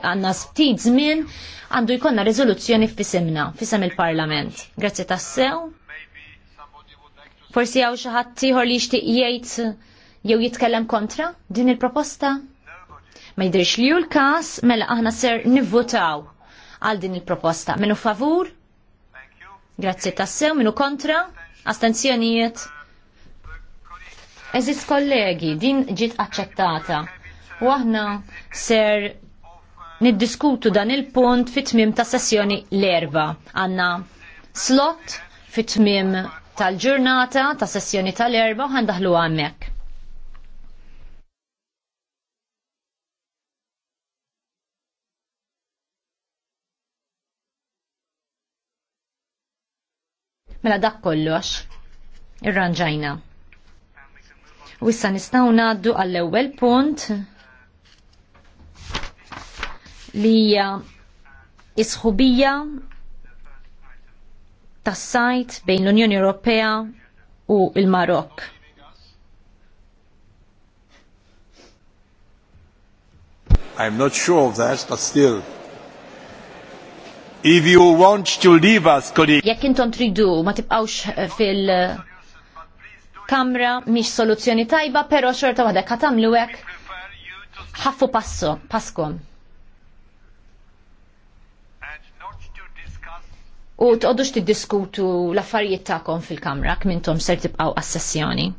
għanna ftit żmien għandu jkollna riżoluzzjoni f'isimna, f'isem il-Parlament. Grazzi tassew. Forsi għaw xi ħadd ieħor li jixtieq jgħid jew jitkellem kontra din il-proposta? Ma jidhirx li hu l-każ mela aħna ser nivvotaw għal din il-proposta. Minu favur? Grazzi tassew, minu kontra? Astenzjonijiet? Eżis kollegi, din ġiet aċċettata. U aħna ser niddiskutu dan il-punt fit tmiem ta' sessjoni l-erba. Għanna slot fit tmiem tal-ġurnata ta' sessjoni tal-erba għandaħlu għammek. Mela dak kollox, irranġajna. Wissa issa nistgħu ngħaddu għall-ewwel punt li hija isħubija tas-sajt bejn l-Unjoni Ewropea u l-Marokk. I'm not sure of that, but still. If you want to leave us, colleague. Jekk intom tridu ma tibqawx eh, fil-kamra miex soluzzjoni tajba, pero xorta waħda katamlu hekk ħaffu passo, paskom. u t-għodux tqodux diskutu l-affarijiet tagħkom fil-kamra kmintom ser tibqaw għas-sessjoni.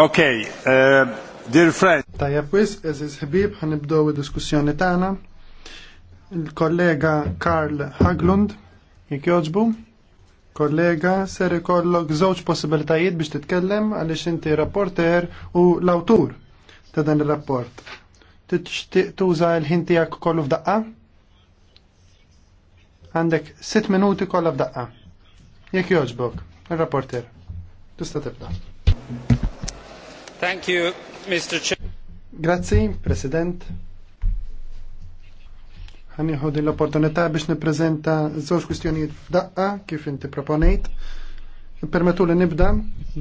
Okay, uh, dear friends. Tajja pwis, eżiz ħbib, ħanibdow il-diskussjoni tagħna. Il-kollega Karl Haglund, jekk joġbu, kollega ser ikollok żewġ possibilitajiet biex titkellem għaliex inti rapporter u l-awtur ta' dan il rapport Tixtieq tuża l-ħin tiegħek kollu f'daqqa? Għandek sitt minuti kollha f'daqqa. Jekk joġbok, il rapporter Tista' tibda. Thank you, Mr. Chair. Grazzi, President. Għaniħu din l-opportunità biex nipprezenta żewġ kwistjonijiet f'daqqa kif inti proponejt. Permetu li nibda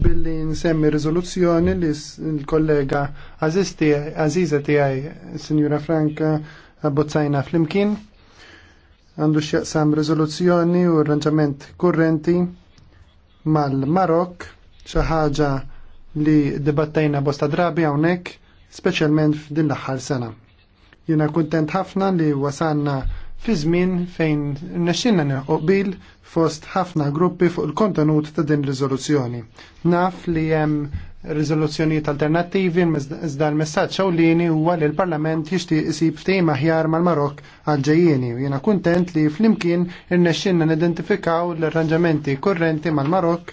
billi nsemmi riżoluzzjoni li l-kollega Aziza tiegħi, Sinjura Franka, Bozzajna flimkien. Għandu x'jaqsam riżoluzzjoni u arranġament kurrenti mal-Marok, xi ħaġa li dibattajna bosta drabi hawnhekk speċjalment f'din l-aħħar sena. Jiena kuntent ħafna li wasanna fi żmien fejn nexxinna nirqobil fost ħafna gruppi fuq il-kontenut ta' din riżoluzzjoni. Naf li hemm riżoluzzjonijiet alternattivi iżda l-messaġġ ewlieni huwa li l-Parlament jixtieq isib ftehim aħjar mal marokk għal ġejjieni. jiena kuntent li flimkien irnexxinna nidentifikaw l-arranġamenti kurrenti mal marokk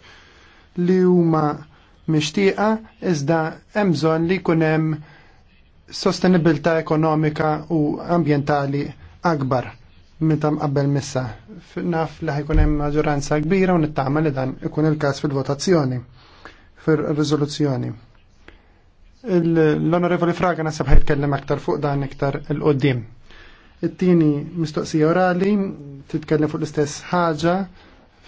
li huma mixtieqa iżda hemm bżonn li jkun hemm sostenibilità ekonomika u ambjentali akbar meta mqabbel missa. Naf li ħajkun hemm maġġoranza kbira u nittama li dan ikun il-każ fil-votazzjoni fir-riżoluzzjoni. L-Onorevoli Fraga nasab ħajtkellem aktar fuq dan iktar il-qoddim. It-tieni mistoqsija orali titkellem fuq l-istess ħaġa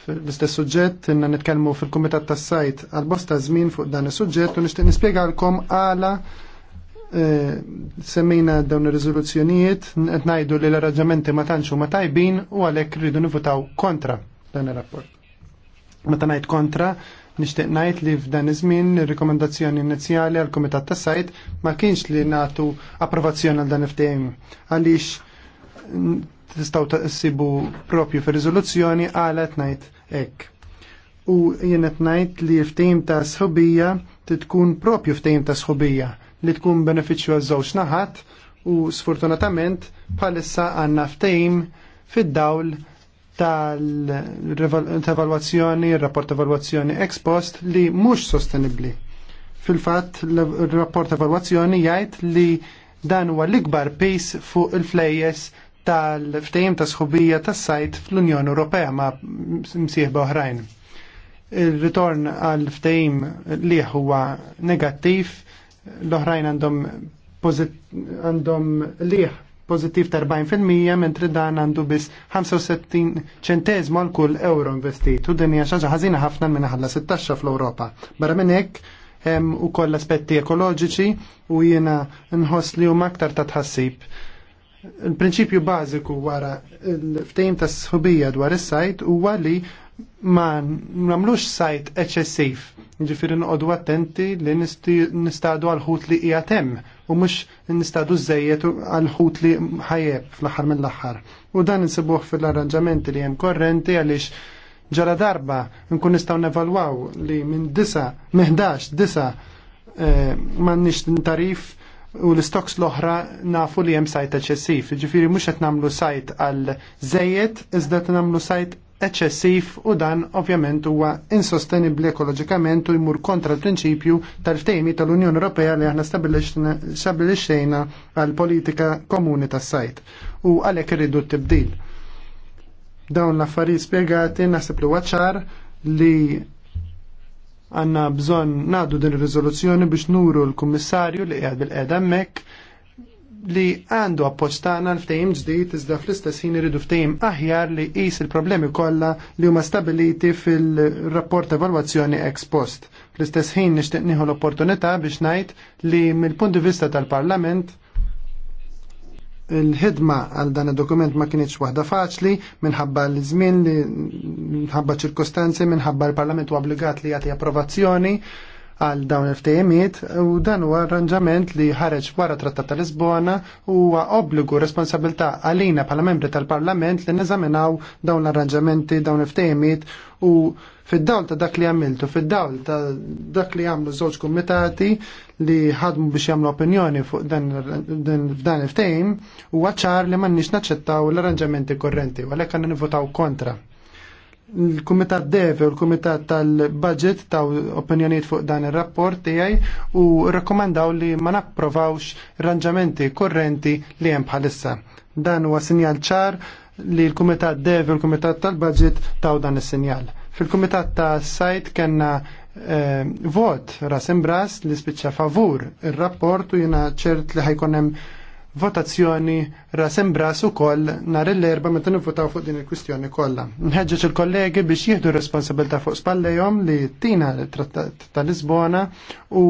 l-istess suġġett inna nitkellmu fil-Kumitat tas-Sajt għal bosta żmien fuq dan is-suġġett u nixtieq nispjegalkom għala e, semmejna dawn ir-riżoluzzjonijiet qed ngħidu li l-arraġġamenti ma tantx huma tajbin u għalhekk rridu nivutaw kontra dan ir-rapport. Meta ngħid kontra, nixtieq ngħid li f'dan iż-żmien ir-rikomandazzjoni inizjali għall kumitat tas-sajt ma kienx li nagħtu approvazzjoni għal dan il-ftehim għaliex tistgħu taqsibu propju fir-riżoluzzjoni qed ngħid ek. U jenet najt li ftejm ta' sħobija tkun propju ftejm ta' sħobija li tkun beneficju għaż-żewġ naħat u sfortunatament bħalissa għanna ftejm fid-dawl tal-evaluazzjoni, il-rapport evaluazzjoni ex post li mhux sostenibli. Fil-fatt, il-rapport evaluazzjoni jgħid li dan huwa l-ikbar pis fuq il-flejjes tal-ftejim ta' sħubija tas sajt fl-Unjoni Ewropea ma' msieħba oħrajn. Il-ritorn għal ftejim li huwa negattiv, l-oħrajn għandhom għandhom liħ pozittiv ta' 40% mentri dan għandu biss 65 ċentezmo għal kull euro investit. U din hija xaġa ħażina ħafna minn ħalla 16 fl-Ewropa. Barra minn hekk hemm ukoll aspetti ekoloġiċi u jiena nħoss li huma aktar ta' tħassib il-prinċipju bażiku wara il-ftejm ta' sħubija dwar is-sajt huwa li ma namlux sajt eċessiv. Ġifiri noqogħdu attenti li nistadu għal-ħut li jgħatem u mux nistadu zzejiet għal-ħut li ħajjeb fl-axar mill-axar. U dan nsibuħ fil-arranġamenti li jem korrenti għalix ġara darba nkun nistaw nevalwaw li minn disa, meħdax disa eh, ma nix tarif u l-istoks l-oħra nafu li hemm sajt eċessiv. Ġifiri mhux qed nagħmlu sajt għal żejjed iżda namlu nagħmlu sajt eċessiv u dan ovvjament huwa insostenibbli ekoloġikament u jmur kontra l-prinċipju tal-ftejmi tal-Unjoni Ewropea li aħna stabilixxejna għal politika komuni tas-sajt u għalhekk irridu t-tibdil. Dawn l-affarijiet spjegati naħseb li waċar li Għanna bżon naddu din il-rizoluzzjoni biex nuru l-kummissarju li għad bil-qeda mek li għandu appoċtana l-ftejim ġdijt iżda fl-istess ħin iridu ftejim aħjar li qis il-problemi kollha li huma stabiliti fil-rapport evalwazzjoni ex post. Fl-istess ħin nixtieq nieħu l-opportunità biex ngħid li mill-punt di vista tal-Parlament il-ħidma għal dan id-dokument ma kienieċ waħda faċli minħabba l-żmien, minħabba ċirkostanzi, minħabba l-Parlament u obbligat li jagħti approvazzjoni għal dawn il-ftejemiet u dan huwa arranġament li ħareġ wara Trattat ta' Lisbona u huwa obbligu responsabilità għalina bħala membri tal-Parlament li neżaminaw dawn l-arranġamenti, dawn il ftejmiet u fid-dawl ta' dak li għamiltu, fid-dawl ta' dak li għamlu żewġ kumitati li ħadmu biex jagħmlu opinjoni fuq dan il-ftejm u għacċar li m'għandniex naċċettaw l-arranġamenti korrenti u għalhekk għandna nivvotaw kontra l-Kumitat Deve u l-Kumitat tal-Budget ta' opinjoniet fuq dan ir-rapport tiegħi u rakkomandaw li ma napprovawx ranġamenti korrenti li hemm bħalissa. Dan huwa sinjal ċar li l-Kumitat Deve u l-Kumitat tal-Budget taw dan is-sinjal. Fil-Kumitat ta' sajt kellna eh, vot ras imbras li spiċċa favur il rapport u jiena ċert li ħajkonem hemm votazzjoni rasembras u koll nar l-erba meta nivvotaw fuq din il-kwistjoni kollha. Nħeġġeġ il-kollegi biex jieħdu responsabilta fuq spallejhom li tina l-Trattat ta' Lisbona u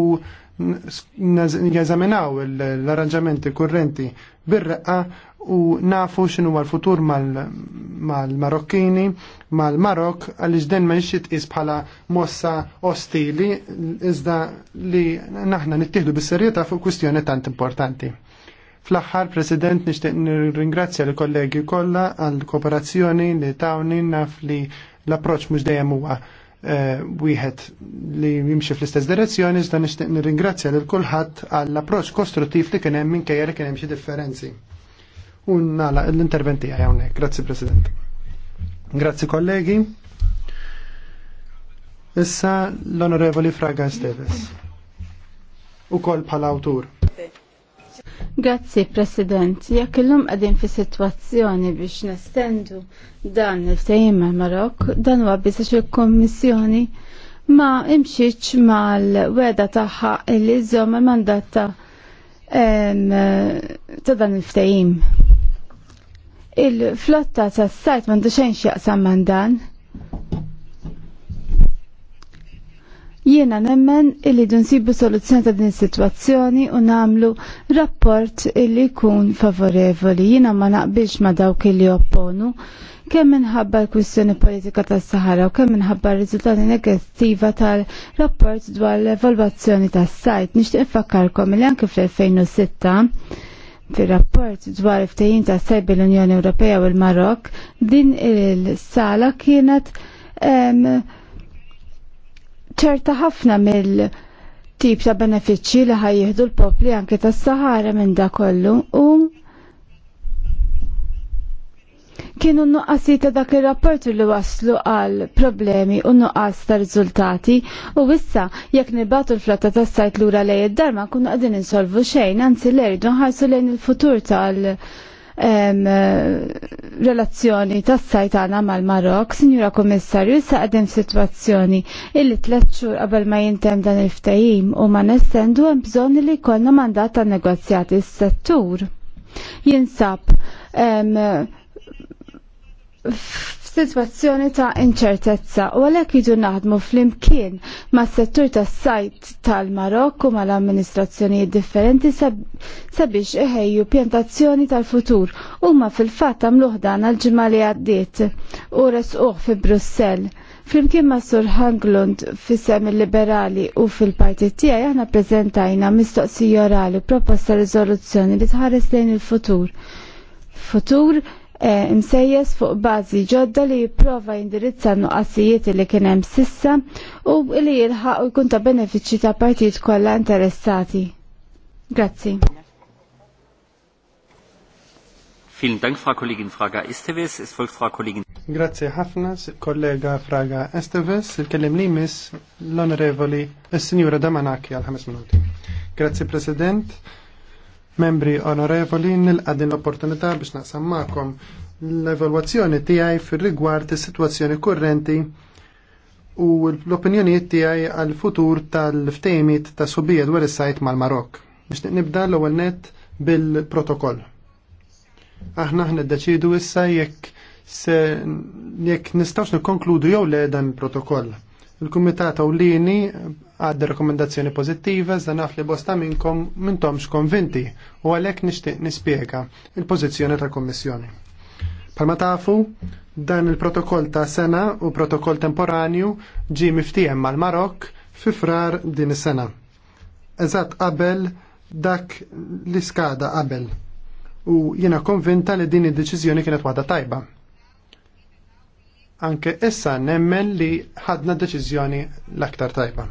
jazaminaw l-arranġamenti kurrenti bir-reqqa u nafu x'inhu l-futur mal-Marokkini, mal-Marok, għaliex den ma jitqis bħala mossa ostili, iżda li naħna nittieħdu bis serjeta fuq kwistjoni tant importanti. Fl-aħħar President nixtieq nirringrazzja l kollegi kollha għal kooperazzjoni li tawni naf li l-approċċ mhux dejjem huwa eh, wieħed li jimxi fl-istess direzzjoni, iżda nixtieq nirringrazzja lil kulħadd għall approċċ kostruttiv li kien hemm minkejja li kien hemm xi differenzi. U nagħlaq l-intervent tiegħi hawnhekk. Grazzi President. Grazzi kollegi. Issa l-Onorevoli Fraga Steves. U kol pal-awtur. Grazzi, President. Jekk illum qegħdin fi sitwazzjoni biex nestendu dan il-ftehim mal-Marok, dan huwa biss il-Kommissjoni ma imxitx mal-weda tagħha li żomm il-mandat ta' dan il-ftehim. Il-flotta ta' sajt mandu xejn x'jaqsam man dan. Jiena nemmen illi dunsibu soluzzjoni ta' din situazzjoni u namlu rapport illi jkun favorevoli. Jiena ma naqbilx ma dawk illi opponu kemm minħabba l-kwistjoni politika tas-Sahara u kemm minħabba r-riżultati negattiva tal-rapport dwar l-evalwazzjoni tas-sajt. Nixtieq infakkarkom li anke fl-2006 fir-rapport dwar il-ftehim tas sajt bil unjoni Ewropea u l-Marok din il-sala kienet ċerta ħafna mill-tip ta' benefiċċji li ħajjieħdu l-popli anke tas-Sahara minn da kollu u kienu nuqqasi ta' dak il-rapport li waslu għal problemi u nuqqas ta' rizultati u wissa jekk nibatu l-flotta ta' sajt lura lej id-darma kunu għadin insolvu xejn, anzi l-erdu nħarsu lejn il-futur tal- Eh, relazzjoni tas sajtana mal-Marok, Sinjura Komissarju, issa għadem situazzjoni illi tlet xhur qabel ma jintem dan il-ftajim u ma nestendu hemm bżonn li jkollna mandat ta' negozjati s-settur. Jinsab situazzjoni ta' inċertezza u għalhekk jidu naħdmu flimkien mas settur tas-sajt tal-Marokk u mal amministrazzjoni differenti sabiex iħejju pjantazzjoni tal-futur huma fil-fatt għamluh dan għal-ġimgħa li għaddiet u resquh fi Brussell. Flimkien ma' Sur Hanglund fi il-liberali u fil-partit tiegħi aħna prezentajna mistoqsija orali proposta riżoluzzjoni li tħares lejn il-futur. Futur, Futur Eh, msejjes fuq bażi ġodda li jipprova jindirizza nuqqasijiet li kien hemm sissa u li jilħaq u jkun ta' benefiċċji ta' partijiet kollha interessati. Grazzi. Vielen Dank, Frau Kollegin Fraga Esteves. Es folgt Frau Kollegin. Grazie ħafna, kollega Fraga Esteves. il kellem limis l'onorevoli il-signora Damanaki al 5 minuti. Grazie, President. Membri onorevoli, nilqa din l-opportunità biex naqsammakom l-evalwazzjoni tiegħi fil rigward is-sitwazzjoni kurrenti u l-opinjonijiet tiegħi għal futur tal-ftejmit ta' subija dwar is-sajt mal-Marok. Biex nibda l-ewwel net bil-protokoll. Aħna ħna ddeċidu issa jekk se jekk nistgħux nikkonkludu jew le dan il-protokoll Il-Kumitat Awlini għadda rekomendazzjoni pozittiva, iżda naf li bosta minnkom mintomx konvinti u għalhekk nixtieq nispjega il-pożizzjoni tal-Kummissjoni. Palma tafu, dan il-protokoll ta' sena u protokoll temporanju ġi miftijem mal-Marok fi frar din is-sena. Eżatt qabel dak li skada qabel. U jiena konvinta li din id-deċiżjoni kienet waħda tajba anke issa nemmen li ħadna deċiżjoni l-aktar tajba.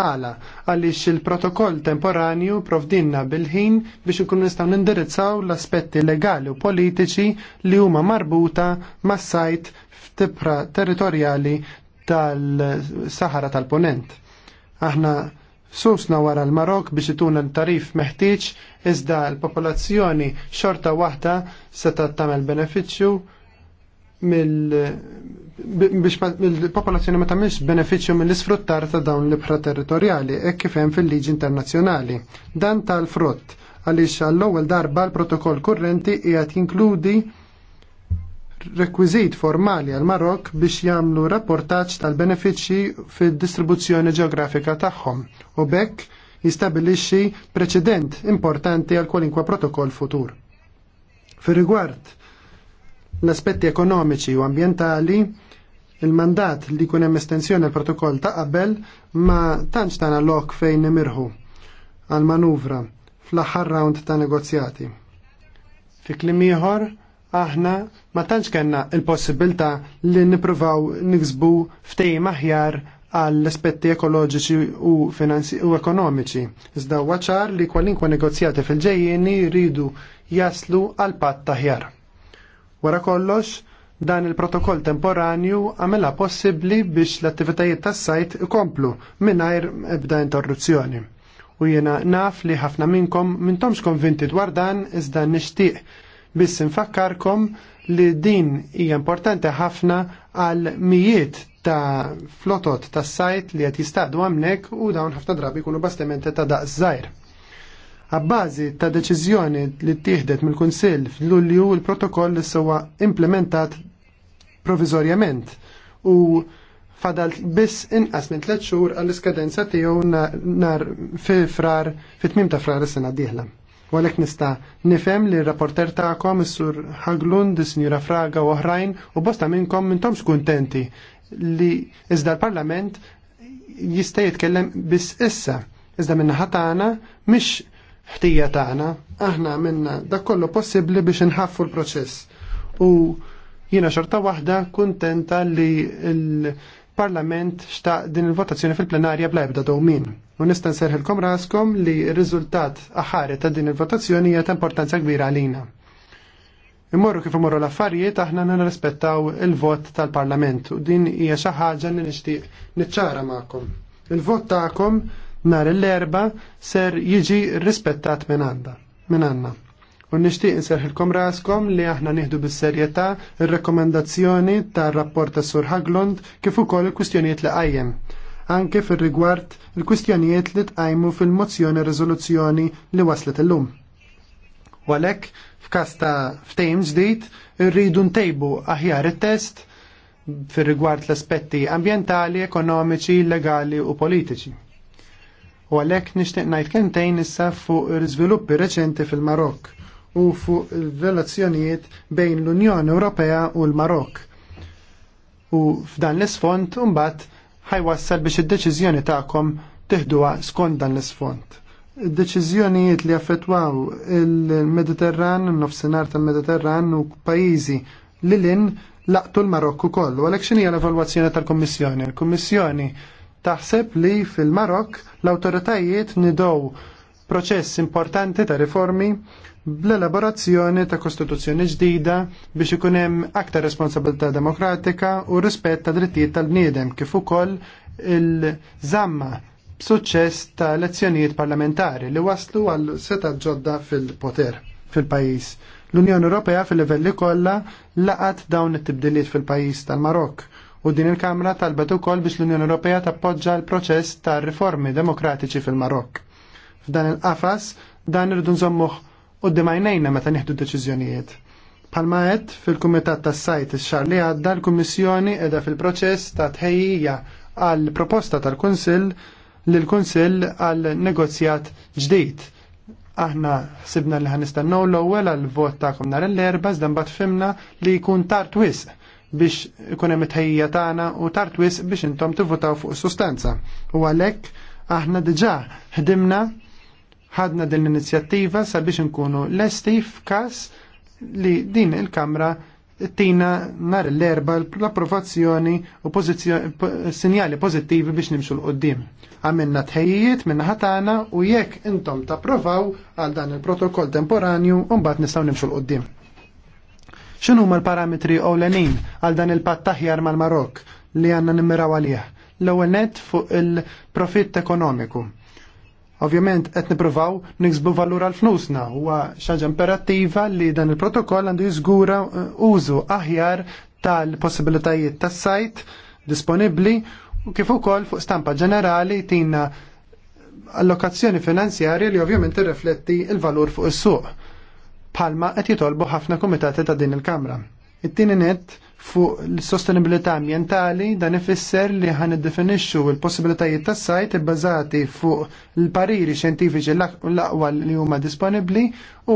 Għala, għaliex il-protokoll temporanju provdinna bil-ħin biex ikun nistaw nindirizzaw l-aspetti legali u politiċi li huma marbuta mas sajt f'tibra territorjali tal-Sahara tal-Ponent. Aħna susna wara l-Marok biex ituna tarif meħtieġ iżda l-popolazzjoni xorta waħda seta tagħmel benefiċċju mill-popolazzjoni ma tagħmilx benefiċċju mill-isfruttar ta' dawn l-ibħra territorjali hekk kif hemm fil-liġi internazzjonali. Dan tal-frott għaliex għall-ewwel darba l-protokoll kurrenti qiegħed jinkludi rekwiżit formali għal Marok biex jagħmlu rapportaġġ tal-benefiċċji fid-distribuzzjoni ġeografika tagħhom u bekk jistabilixxi preċedent importanti għal kwalinkwa protokoll futur. Fir rigward l-aspetti ekonomiċi u ambientali il-mandat li kun hemm estensjoni l protokoll ta' qabel ma tantx tagħna lok fejn nimirħu għal manuvra fl-aħħar round ta' negozjati. Fi kliem ieħor aħna ma tantx kellna il-possibilità li nippruvaw niksbu ftehim aħjar għall aspetti ekoloġiċi u, u ekonomiċi. Iżda waċar li kwalinkwa negozjati fil-ġejjeni jridu jaslu għal patt taħjar. Wara kollox, dan il-protokoll temporanju għamela possibbli biex l-attivitajiet tas-sajt ikomplu mingħajr ebda interruzzjoni. U jiena naf li ħafna minnkom mintomx konvinti dwar dan iżda nixtieq biss infakkarkom li din hija importanti ħafna għal mijiet ta' flotot tas-sajt li qed jistaqdu hawnhekk u dawn ħafna drabi jkunu bastimenti ta' daqs żgħir. Għabbażi ta' deċiżjoni li ttieħdet mill-Kunsill f'Lulju l protokoll li sewa implementat provizorjament u fadal biss inqas minn tliet xhur għall-iskadenza tiegħu nar fi frar fit-tmim ta' frar is-sena d-dieħla. Għalek nista nifhem li r-rapporter is sur is Sinjura Fraga u oħrajn u bosta minnkom mintomx kuntenti li iżda l-parlament jista' jitkellem biss issa. Iżda minna ħatana mhix ħtija tagħna, aħna minna dak kollu possibbli biex nħaffu l-proċess. U jiena xorta waħda kuntenta li l-Parlament xtaq din il-votazzjoni fil-plenarja bla ebda dowmin. U nista' nserħilkom raskom li r-riżultat aħari ta' din il-votazzjoni hija ta' importanza kbira għalina. Immorru kif imorru l-affarijiet aħna nirrispettaw il-vot tal-Parlament u din hija xi ħaġa li nixtieq niċċara magħkom. Il-vot tagħkom nhar l-erba ser jiġi rispettat minn għandha minn għandna. U nixtieq inserħilkom raskom li aħna nieħdu bis-serjetà ir-rekomendazzjoni tar-rapport tas Sur Haglund kif ukoll il-kwistjonijiet li qajjem anke fir-rigward il-kwistjonijiet li tqajmu fil-mozzjoni riżoluzzjoni li waslet illum. U għalhekk f'każ ta' ftehim ġdid irridu ntejbu aħjar it-test fir rigward l-aspetti ambientali, ekonomiċi, legali u politiċi. U għalhekk nixtieq ngħid kentejn issa fuq l-iżviluppi reċenti fil marok u fuq il-relazzjonijiet bejn l-Unjoni Ewropea u l marok U f'dan l-isfond mbagħad ħajwassal biex id-deċiżjoni tagħkom tiħduwa skont dan l-isfond. Id-deċiżjonijiet li affettwaw il-Mediterran, n-nofsinhar tal-Mediterran u pajjiżi lilin laqtu l-Marokku kollu. għalek xinija l-evalwazzjoni tal-Kummissjoni? l kummissjoni taħseb li fil-Marok l-autoritajiet nidow proċess importanti ta' riformi bl-elaborazzjoni ta' kostituzzjoni ġdida biex ikun hemm aktar responsabilità demokratika u rispett ta' drittijiet tal-bniedem kif ukoll il-żamma b'suċċess ta' elezzjonijiet parlamentari li waslu għal seta' ġodda fil-poter fil-pajjiż. L-Unjoni Ewropea fil-livelli kollha laqat dawn it-tibdiliet fil-pajjiż tal-Marok U din il-Kamra talbet ukoll biex l-Unjoni Ewropea tappoġġa l-proċess ta' riformi demokratiċi fil-Marokk. F'dan il-qafas dan irridu nżommuh u dimajnejna meta nieħdu deċiżjonijiet. Palma għedt, fil-Kumitat tas-Sajt ix-xahar li għadda l-Kummissjoni qiegħda fil-proċess ta' tħejjija għal proposta tal-Kunsill lil kunsill għal negozjat ġdid. Aħna sibna li ħanistennew l-ewwel għal vot tagħkom nhar l-erba' iżda mbagħad fimna li jkun tard wisq biex ikun hemm it-ħejja tagħna u tard wis biex intom tivvutaw fuq sustanza. U għalhekk aħna diġà ħdimna ħadna din l-inizjattiva sabiex nkunu lesti f'każ li din il-Kamra tina nhar l-erba l-approvazzjoni u sinjali pożittivi biex nimxu l-qoddim. Għamilna tħejjiet minna ħatana u jekk intom tapprovaw għal dan il-protokoll temporanju u mbagħad nistgħu nimxu l-qoddim. X'inhu huma l-parametri ewlenin għal dan il-patt taħjar mal-Marok li għandna nimmiraw għalih? L-ewwel net fuq il-profitt ekonomiku. Ovvjament qed nippruvaw niksbu valur għal flusna huwa xaġa imperattiva li dan il-protokoll għandu jiżgura uh, użu aħjar tal-possibilitajiet tas-sajt disponibbli u kif ukoll fuq stampa ġenerali tina allokazzjoni finanzjarja li ovvjament irrifletti il-valur fuq is-suq palma qed jitolbu ħafna kumitati ta' din il-Kamra. It-tieni net fuq l-sostenibilità ambientali dan ifisser li ħan iddefinixxu l-possibilitajiet tas-sajt ibbażati fuq l-pariri xjentifiċi l-aqwa li huma disponibbli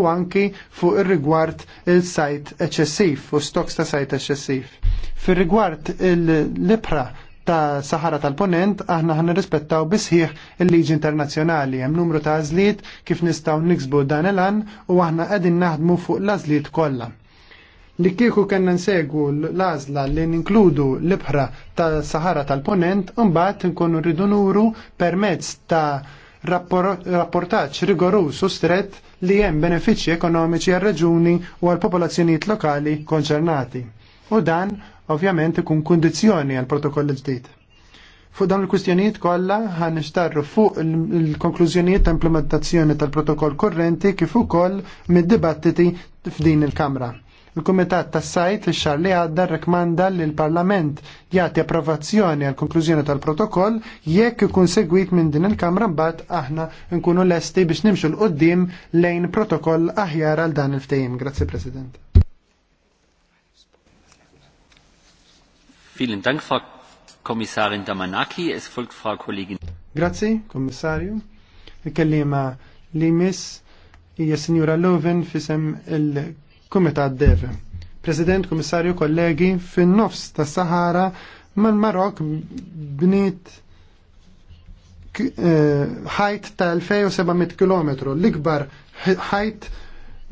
u anki fuq ir-rigward il-sajt eċċessiv u stoks ta' sajt eċċessiv. Fir-rigward il-libra ta' Sahara tal-Ponent aħna ħan rispettaw bisħiħ il-liġi internazzjonali. Hemm numru ta' għażliet kif nistgħu niksbu dan il-an u aħna qegħdin naħdmu fuq l-għażliet kollha. Li kieku kellna nsegu l-għażla li ninkludu l-ibħra ta' Sahara tal-Ponent imbagħad nkunu rridu nuru permezz ta' rapportaċ rigorus u stret li hemm benefiċċji ekonomiċi għal reġuni u għal popolazzjonijiet lokali konċernati. U dan ovvjament ikun kundizzjoni għal protokoll ġdid. Fuq dawn il-kwistjonijiet kollha ħan nixtarru fuq il-konklużjonijiet ta' implementazzjoni tal-protokoll korrenti kif ukoll mid-dibattiti f'din il-Kamra. Il-Kumitat tas sajt ix-xar li għadda rekmanda li l-Parlament jagħti approvazzjoni għal konklużjoni tal-protokoll jekk ikun segwit minn din il-Kamra mbagħad aħna nkunu lesti biex nimxu l-qudiem lejn protokoll aħjar għal dan il-ftehim. Grazzi President. Vielen Dank, Frau Kommissarin Damanaki. Es folgt Frau Kollegin. Grazie, Kommissarju. Il-kellima li miss hija Signora Loven fisem il-Kumitat Dev. President, Kommissarju, kollegi, fin-nofs ta' Sahara man marok bniet ħajt eh, ta' 2700 km, l-ikbar ħajt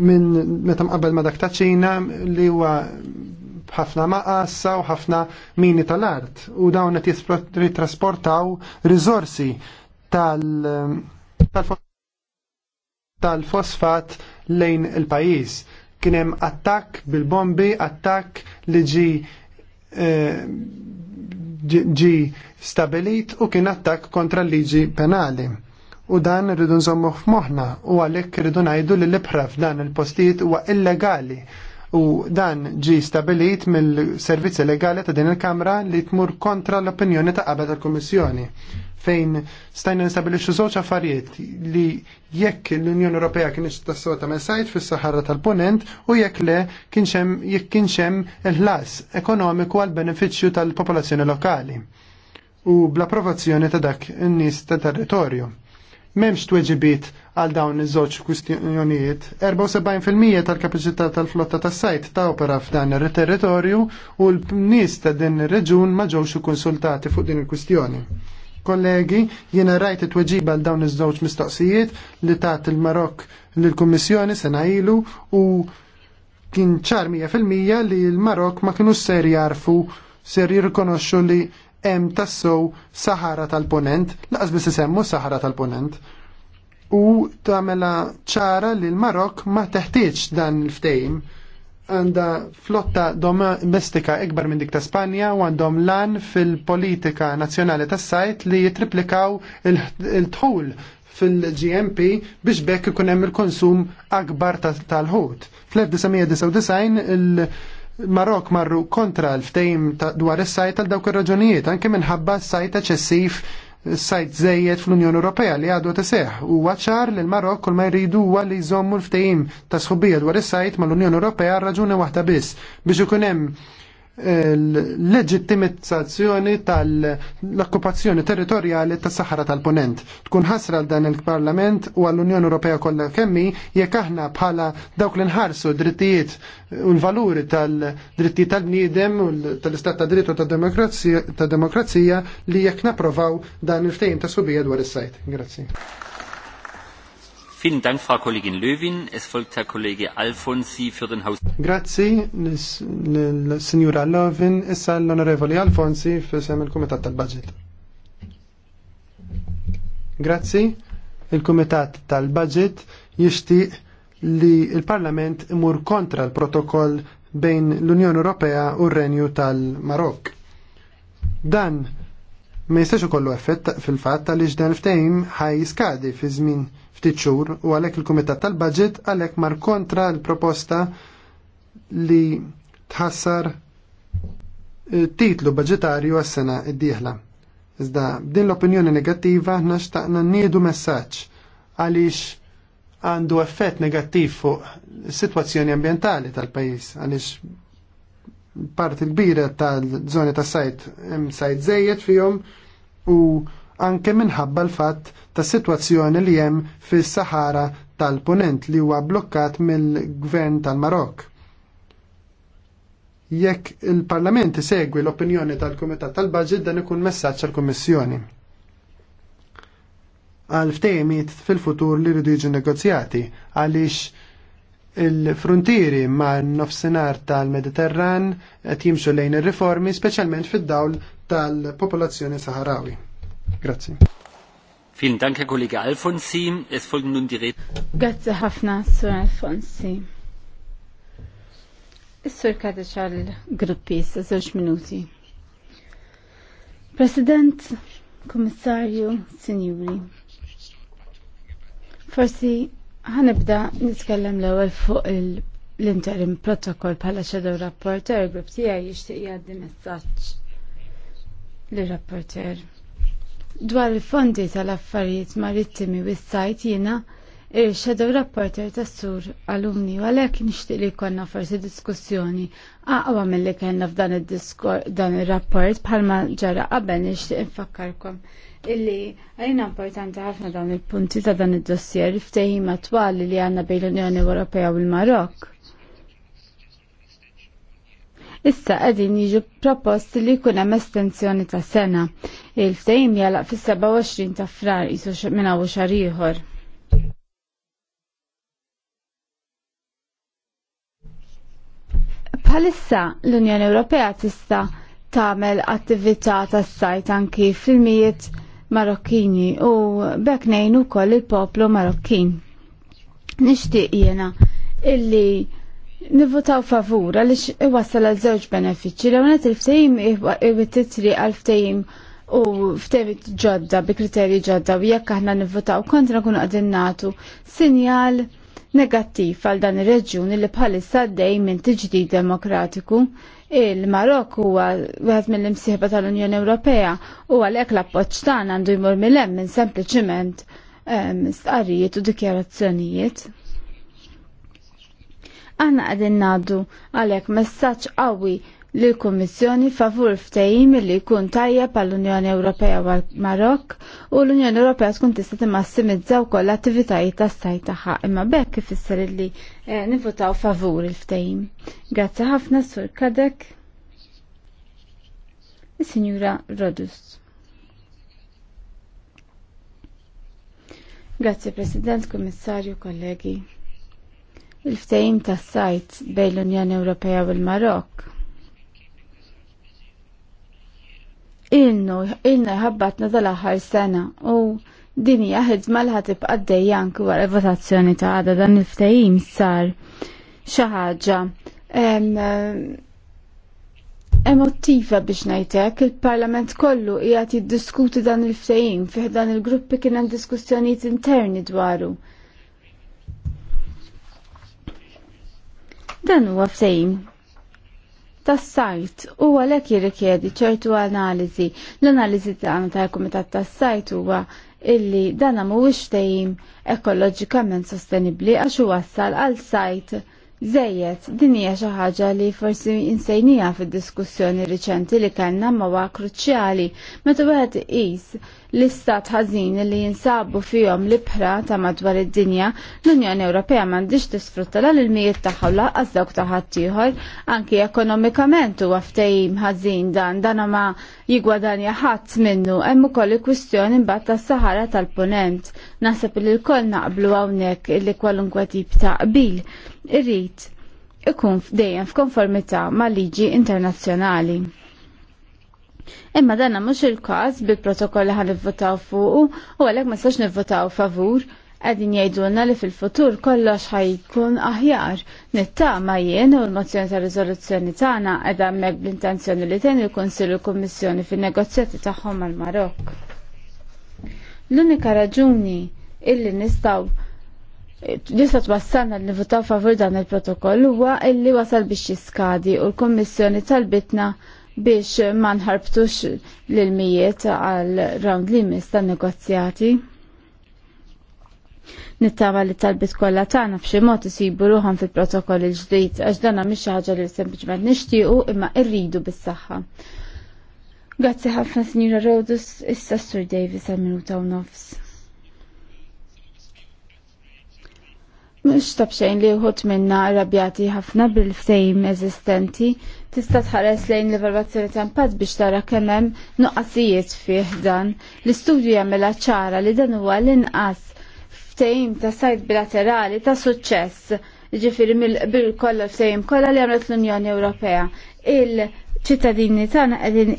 minn meta mqabbel ma dak ta' Ċina li huwa Ħafna maqassa u ħafna mini tal-art u dawn qed jitrasportaw riżorsi ehm, tal-fosfat lejn il-pajjiż. Kien hemm attakk bil-bombi, attakk li ġi ehm, ġi stabilit u kien attakk kontra liġi penali u dan rridu nżommu f'moħħna u għalhekk rridu ngħidu li l-ibħra f'dan il-postijiet huwa illegali u dan ġi stabilit mill-servizzi legali ta' din il-Kamra li tmur kontra l-opinjoni ta' qabel tal-Kummissjoni fejn stajna nistabilixxu żewġ affarijiet li jekk l-Unjoni Ewropea kienx tassota minn sajt fis-Saħara tal-Punent u jekk le kienx hemm jekk kienx hemm il-ħlas ekonomiku għal benefiċċju tal-popolazzjoni lokali u bl-approvazzjoni ta' dak in-nies ta' territorju. M'hemmx tweġibiet għal dawn iż-żewġ kwistjonijiet. 74% tal-kapaċità tal-flotta tas-sajt ta' opera f'dan il territorju u l-nies ta' din ir-reġun ma ġewx ikkonsultati fuq din il-kwistjoni. Kollegi, jiena rajt it tweġib għal dawn iż-żewġ mistoqsijiet li tat il-Marok lill-Kummissjoni sena ilu u kien ċar 100% li l-Marok ma kienu ser jarfu ser jirrikonoxxu li hemm tassow Sahara tal-Ponent, laqas biss isemmu Sahara tal-Ponent u tamela ċara li l-Marok ma teħtieġ dan il-ftejm għanda flotta domestika ikbar minn dik ta' Spanja u għandhom lan fil-politika nazzjonali tas sajt li jitriplikaw il-tħul fil-GMP biex bekk ikun hemm il-konsum akbar tal-ħut. Fl-1999 il-Marok marru kontra l-ftejm dwar is-sajt għal dawk ir-raġunijiet anke minħabba s sajt eċessiv sajt zejjed fl-Unjoni Ewropea li għadu t-seħ u għacċar li l marokk kol ma jridu għalli li jżommu l-ftehim ta' sħubija dwar is-sajt mal-Unjoni Ewropea raġuni waħda biss biex ikun hemm l-leġittimizzazzjoni tal-okkupazzjoni territorjali tas sahara tal-Ponent. Tkun ħasra l dan il-Parlament u għall-Unjoni Ewropea kollha kemmi jekk aħna bħala dawk li nħarsu drittijiet u l-valuri tal-drittijiet tal-bniedem u tal-istat ta' dritt u ta' demokrazija li jekk napprovaw dan il ftejn ta' subija dwar is-sajt. Grazzi. Vielen Dank, Frau Kollegin Löwin. Es folgt Herr Kollege Alfonsi für den Haus. Grazie, signora Löwin. Issa l-onorevoli Alfonsi fissem il-Komitat tal-Budget. Grazie. Il-Komitat tal-Budget jishtiq li il-Parlament imur kontra l-protokoll bejn l-Unjoni Ewropea u r-Renju tal-Marok. Dan ma jistax ukollu effett fil-fatt għaliex dan ftehim ħaj skadi fi żmien ftit xhur u għalhekk il-Kumitat tal baġit għalhekk mar kontra l-proposta li tħassar eh, titlu baġitarju għas-sena id-dieħla. Iżda din l-opinjoni negattiva xtaqna niedu messaġġ għaliex għandu effett negattiv fuq situazzjoni ambientali tal-pajis għaliex parti kbira tal-żoni tas sajt sajt zejjed fihom u anke minħabba l-fatt ta' situazzjoni li hemm fis-Sahara tal-Punent li huwa blokkat mill-Gvern tal-Marok. Jekk il-Parlament segwi l-opinjoni tal-Kumitat tal-Baġit dan ikun messaġġ għall-Kummissjoni. Għal ftejmiet fil-futur li rridu jiġu negozjati għaliex il-frontieri ma' nofsinhar tal-Mediterran qed jimxu lejn ir-riformi speċjalment fid-dawl tal-popolazzjoni Saharawi. Grazzi. Vielen Dank, Herr Kollege Alfonsi. Es folgen nun die Reden. Grazie ħafna, Sir Alfonsi. Is-Sur Kadeċ gruppi sa' żewġ minuti. President, Komissarju, Sinjuri. Forsi ħanibda nitkellem l-ewwel fuq l-interim protokoll bħala shadow rapporter grupp tiegħi jixtieq jgħaddi messaġġ lir rapporter Dwar il-fondi tal-affarijiet marittimi u s-sajt jiena il-shadow rapporter tas sur alumni u għalhekk nixtieq li jkollna forsi diskussjoni aqwa milli kellna f'dan dan ir-rapport bħalma ġara qabel nixtieq infakkarkom illi għajna importanti ħafna dawn il-punti ta' dan id-dossier ftehima twal li għanna bejn l-Unjoni Ewropea u l-Marok. Issa qegħdin jiġu proposti li jkun hemm estensjoni ta' sena il-ftejm jalaq fis-27 ta' frar jisu minna u xar ieħor. Bħalissa l-Unjoni Ewropea tista' tagħmel attività tas-sajt anki filmijiet Marokkini u bekk ngħin ukoll il-poplu Marokkin. Nixtieq jiena illi Nivvotaw favur għaliex iwassal għal żewġ benefiċċji l għonet il-ftejim iwit titri għal ftejim u f'tevit ġodda bi kriterji ġodda u jekk aħna nivvotaw kontra kun għadin nagħtu sinjal negattiv għal dan ir-reġjun li bħalissa dej minn tiġdid demokratiku il-Marok huwa wieħed mill-imsieħba tal-Unjoni Ewropea u għalhekk l-appoġġ tagħna għandu jmur mill em minn sempliciment ehm, stqarrijiet u dikjarazzjonijiet. Aħna qegħdin għal għalhekk messaġġ qawwi l kummissjoni favur ftehim li jkun tajjeb għall unjoni Ewropea u Marok u l-Unjoni Ewropea tkun tista' timassimizza wkoll l-attivitajiet tas-sajt tagħha imma bekk ifisser li eh, nivutaw favur il-ftehim. Grazzi ħafna sur kadek. Is-Sinjura Rodus. Grazzi President, Kummissarju, kollegi. Il-ftehim tas-sajt bejn l-Unjoni Ewropea u l-Marok innu inna ħabbatna dal-aħħar sena u din jahed malħat ibqaddej ħatibqa' għaddejja wara l-votazzjoni ta' għada dan il-ftehim sar xi ħaġa biex ngħidlek, il-Parlament kollu qiegħed jiddiskuti dan il-ftehim fih dan il-gruppi kien hemm diskussjonijiet interni dwaru. Dan huwa ftehim tas-sajt u għalhekk jirrikjedi ċertu analiżi. L-analiżi tal-Kumitat tas-sajt huwa illi dan mhuwiex tejjim ekoloġikament sostenibbli għax wassal għal sajt Zejjed, din hija xi ħaġa li forsi insejnija fid-diskussjoni riċenti li kellna ma huwa kruċjali meta wieħed qis l-istat ħażin li jinsabu fihom l-ibħra ta' madwar id-dinja, l-Unjoni Ewropea m'għandix tisfrutta l-ilmijiet tagħha u laqqas dawk ta' ħaddieħor, anki ekonomikament huwa ftehim ħażin dan dan ma jigwadanja ħadd minnu hemm ukoll il-kwistjoni mbagħad tas-Sahara tal-Punent. Naħseb li l naqblu hawnhekk li kwalunkwe tip ta' qbil irrid ikun dejjem f'konformità mal liġi internazzjonali. Imma danna mhux il-każ bil-protokoll li ħanivvotaw fuq u għalhekk ma s-sax nivvotaw favur għadin jgħidulna li fil-futur kollox ħajkun aħjar. Nittama jien u l-mozzjoni ta' rizoluzzjoni tagħna qiegħda hemmhekk bl-intenzjoni li ten il-Kunsill u l-Kummissjoni fin-negozjati tagħhom mal marok L-unika raġuni illi nistgħu Nista' twassalna li nivutaw favur dan il-protokoll huwa illi wasal biex jiskadi u l-Kummissjoni talbitna bitna biex ma nħarbtux l-mijiet għal round limits ta' negozjati. Nittama li talbit kollha tagħna f'xi mod isibu ruħan fil-protokoll il-ġdid għax dana mhix ħaġa li sempliċement nixtiequ imma rridu bis-saħħa. Grazzi ħafna Sinjura Rodus, issa Sur Davis għal minuta u nofs. Mux tabxejn li uħut minna rabjati ħafna bil-ftejm eżistenti tista' tħares lejn l evalvazzjoni ta' impatt biex tara kemm hemm nuqqasijiet fih dan. L-istudju jagħmel ċara li dan huwa l-inqas ftehim ta' sajt bilaterali ta' suċċess ġifiri mill-qbil kollha ftehim kollha li għamlet l-Unjoni Ewropea. Il-ċittadini tagħna qegħdin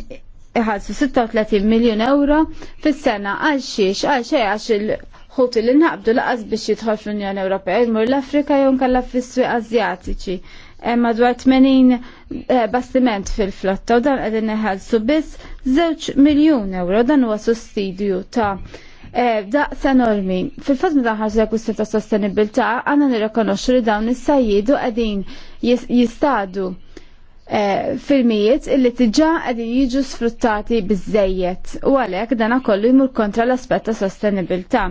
iħadsu 36 miljun euro fis-sena għal xiex għal xejn għax il-ħut li nħabdu laqas biex jidħol fl-Unjoni Ewropea jmur l-Afrika jew nkella fis-swieq Asjatiċi. Eh, madwar 80 eh, bastiment fil-flotta u dan għedin neħalsu biss 0 miljon euro dan huwa sussidju ta' eh, daqs enormi. Fil-fatt minn daħħar żek kwistjoni ta' sostenibilità għandna nirrikonoxxu li dawn is-sajjidu qegħdin jistadu filmijiet illi tiġa qegħdin jiġu sfruttati bizzejiet u għalhekk dana kollu jmur kontra l-aspett ta' sostenibilità.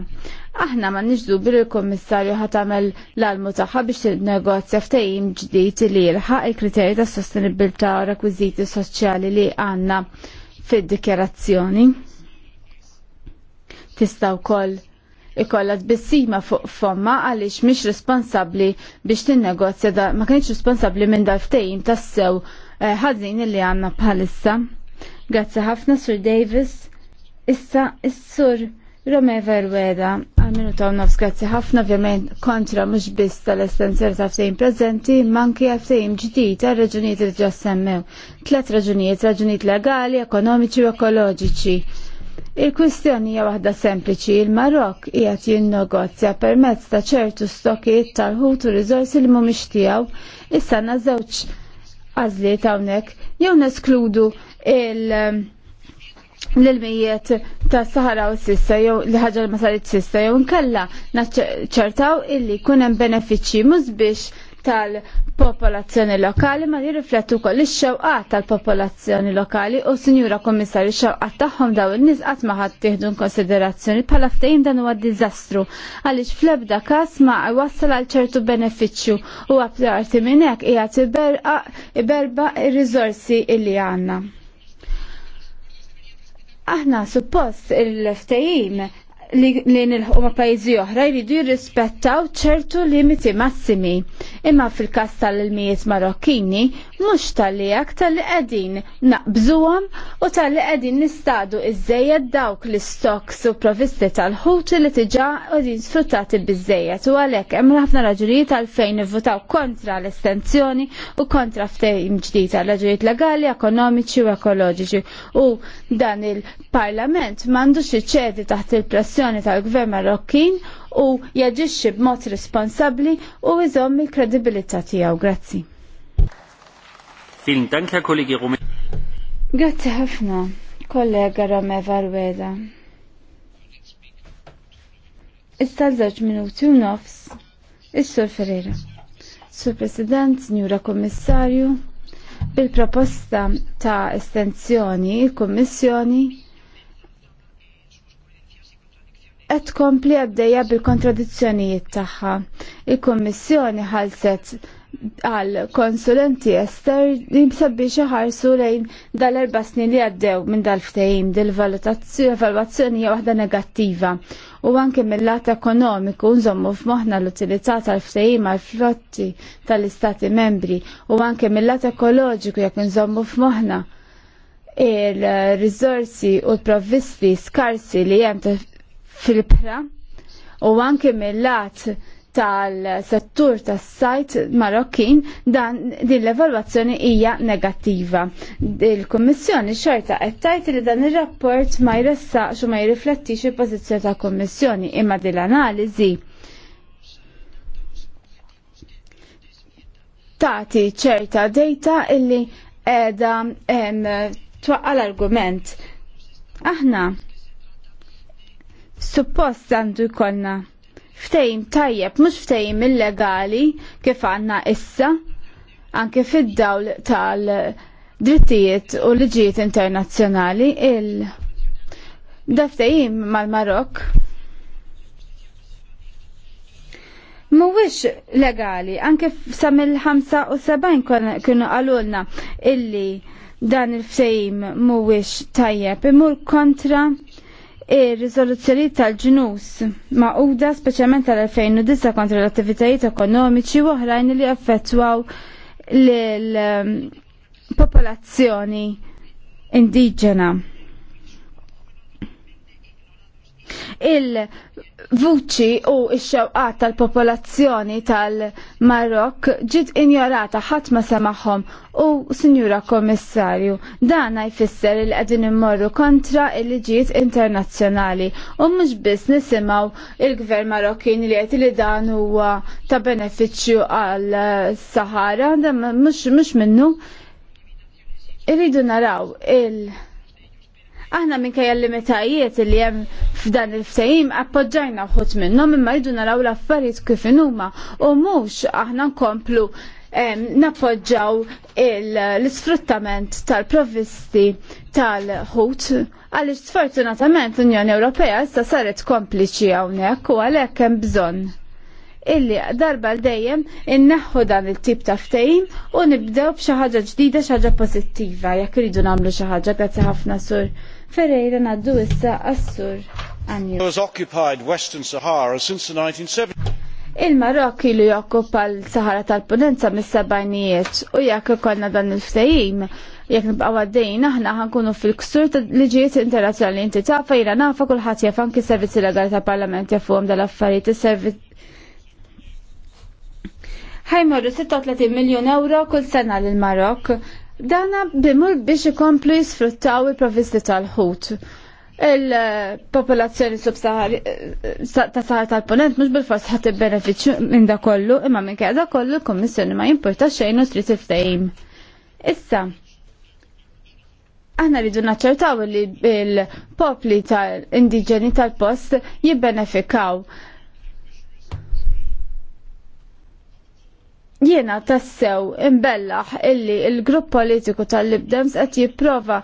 Aħna ma nġdu bil li ħatamel l-almu taħħa biex negozja ftejim ġdid li jilħaq il-kriterji ta' sostenibilità u rekwiżiti soċjali li għandna fid-dikjerazzjoni. Tista' wkoll ikolla tbissima fuq fomma għaliex mhix responsabbli biex tinnegozja da ma kienx responsabbli minn darftejn tassew eh, ħażin li għandna bħalissa. Grazzi ħafna Sur Davis. Issa is-Sur Rome Verweda, għal-minu ta' nofs grazzi ħafna ovvjament kontra mux biss tal-estenzjer ta' ftejn prezenti, manki ftejn ġdid ta' raġunijiet li ġassemmew. Tlet raġunijiet, raġunijiet legali, ekonomiċi u ekoloġiċi. Il-kwistjoni hija waħda sempliċi, il-Marok qiegħed jinnegozja permezz ta' ċertu stokijiet tal-ħut u riżorsi li mhumiex tiegħu issa żewġ għażliet hawnhekk jew neskludu il- l-ilmijiet ta' Sahara u Sissa jew li ħaġa li ma sarit Sissa jew nkella naċċertaw illi jkun hemm benefiċċji mhux tal-popolazzjoni lokali ma jirriflettu wkoll ix xewqa tal-popolazzjoni lokali u Sinjura Kommissarju xewqa tagħhom daw in-nies qatt ma ħadd tieħdu konsiderazzjoni bħala ftehim dan huwa diżastru għaliex fl-ebda każ ma wassal għal ċertu benefiċċju u apparti minn hekk hija tiberqa ir-riżorsi illi għandna. Aħna suppost il-ftehim li nilħu ma' pajizi oħra jridu jirrispettaw ċertu limiti massimi. Imma fil-kas tal-ilmijiet marokkini, mux tal-lijak tal-li għedin naqbżuwam u tal-li għedin nistadu iż-żejjed dawk l stoks u provisti tal ħut li tiġa din sfruttati biż-żejjed u għalek hemm ħafna raġunijiet għalfejn votaw kontra l-estenzjoni u kontra ftehim ġdida raġunijiet legali, ekonomiċi u ekoloġiċi. U dan il-parlament mandu xieċedi taħt il-pressjoni l-azzjoni tal-gvern Marokkin u jaġixxi b'mod responsabbli u iżomm il-kredibilità tiegħu. Grazzi. Vielen Dank, Herr Kollege Rome. Grazzi ħafna, kollega Rome Varweda. Issa żewġ minuti u nofs, is-Sur Ferreira. Sur President, Njura Kommissarju, bil-proposta ta' estensjoni il-Kommissjoni qed tkompli għaddejja bil-kontradizzjonijiet tagħha. Il-Kummissjoni ħalset għal konsulenti esterni sabiex iħarsu lejn dal-erba' snin li għaddew minn dal-ftehim dil-valutazzjoni hija waħda negattiva u anke mill-lat ekonomiku nżommu f'moħħna l-utilità tal-ftehim għal flotti tal-istati membri u anke mill-lat ekoloġiku jekk nżommu f'moħħna il-rizorsi u l-provvisti skarsi li jem fil-pra u anke mill-lat tal-settur tas-sajt Marokkin dan din l-evalwazzjoni hija negattiva. Il-Kummissjoni xorta qed tgħid li dan ir-rapport ma jressaqx u ma jirriflettix il-pożizzjoni tal-Kummissjoni imma din l-analiżi tagħti ċerta data illi qiegħda twaqqa l-argument. Aħna suppost għandu jkollna ftejim tajjeb, mhux ftejim illegali kif għandna issa, anke fid-dawl tal-drittijiet u liġijiet internazzjonali il daftajim mal-Marok Mhuwiex legali, anke sa mill-75 kienu għalulna illi dan il-ftejim mhuwiex tajjeb imur kontra ir-riżoluzzjoni tal-ġnus maquda speċjalment tal-2009 kontra l-attivitajiet ekonomiċi u oħrajn li affettwaw l-popolazzjoni indiġena. Il-vuċi u x-xewqat tal-popolazzjoni tal-Marok ġiet injorata ħadd ma semaħħom u Sinjura Kommissarju dan jfisser il qegħdin immorru kontra il-liġijiet internazzjonali u mhux biss nisimgħu il-Gvern Marokkin li qed li dan huwa ta' benefiċċju għal Sahara mhux minnu irridu naraw il-, -il Aħna minkejja l-limitajiet li hemm f'dan il-ftehim appoġġajna wħud minnhom imma jridu naraw l-affarijiet kif inhuma u mhux aħna nkomplu nappoġġaw l-isfruttament tal-provvisti tal-ħut għaliex sfortunatament l-Unjoni Ewropea issa saret kompliċi hawnhekk u għalhekk hemm bżonn illi darba l-dejjem inneħħu dan il-tip ta' ftejn u nibdew b'xi ħaġa ġdida, xi ħaġa pożittiva, jekk iridu nagħmlu xi ħaġa, grazzi ħafna sur Ferreira naddu issa assur Anju. Il-Marokk ilu jokkupa l-Sahara tal-Ponenza mis-sebajnijiet u jekk ikollna dan il-ftehim, jekk nibqgħu għaddejjin aħna ħankunu fil-ksur ta' liġijiet internazzjonali inti ta' fejra nafa kulħadd jaf anki servizzi legali ta' Parlament jafuhom dal-affarijiet is-servizz ħajmorru 36 miljon euro kull sena lill Marok Dana bimur biex ikomplu jisfruttaw il provvisti tal-ħut. Il-popolazzjoni ta' saħar tal-ponent mux bil-fors ħat beneficju minn da kollu, imma minn da kollu l-Kommissjoni ma jimporta xejn u trid iftajim. Issa, aħna rridu naċċertaw li il-popli tal-indiġeni tal-post jibbenefikaw. Jiena tassew imbellaħ illi il-grupp politiku tal-Libdems qed jipprova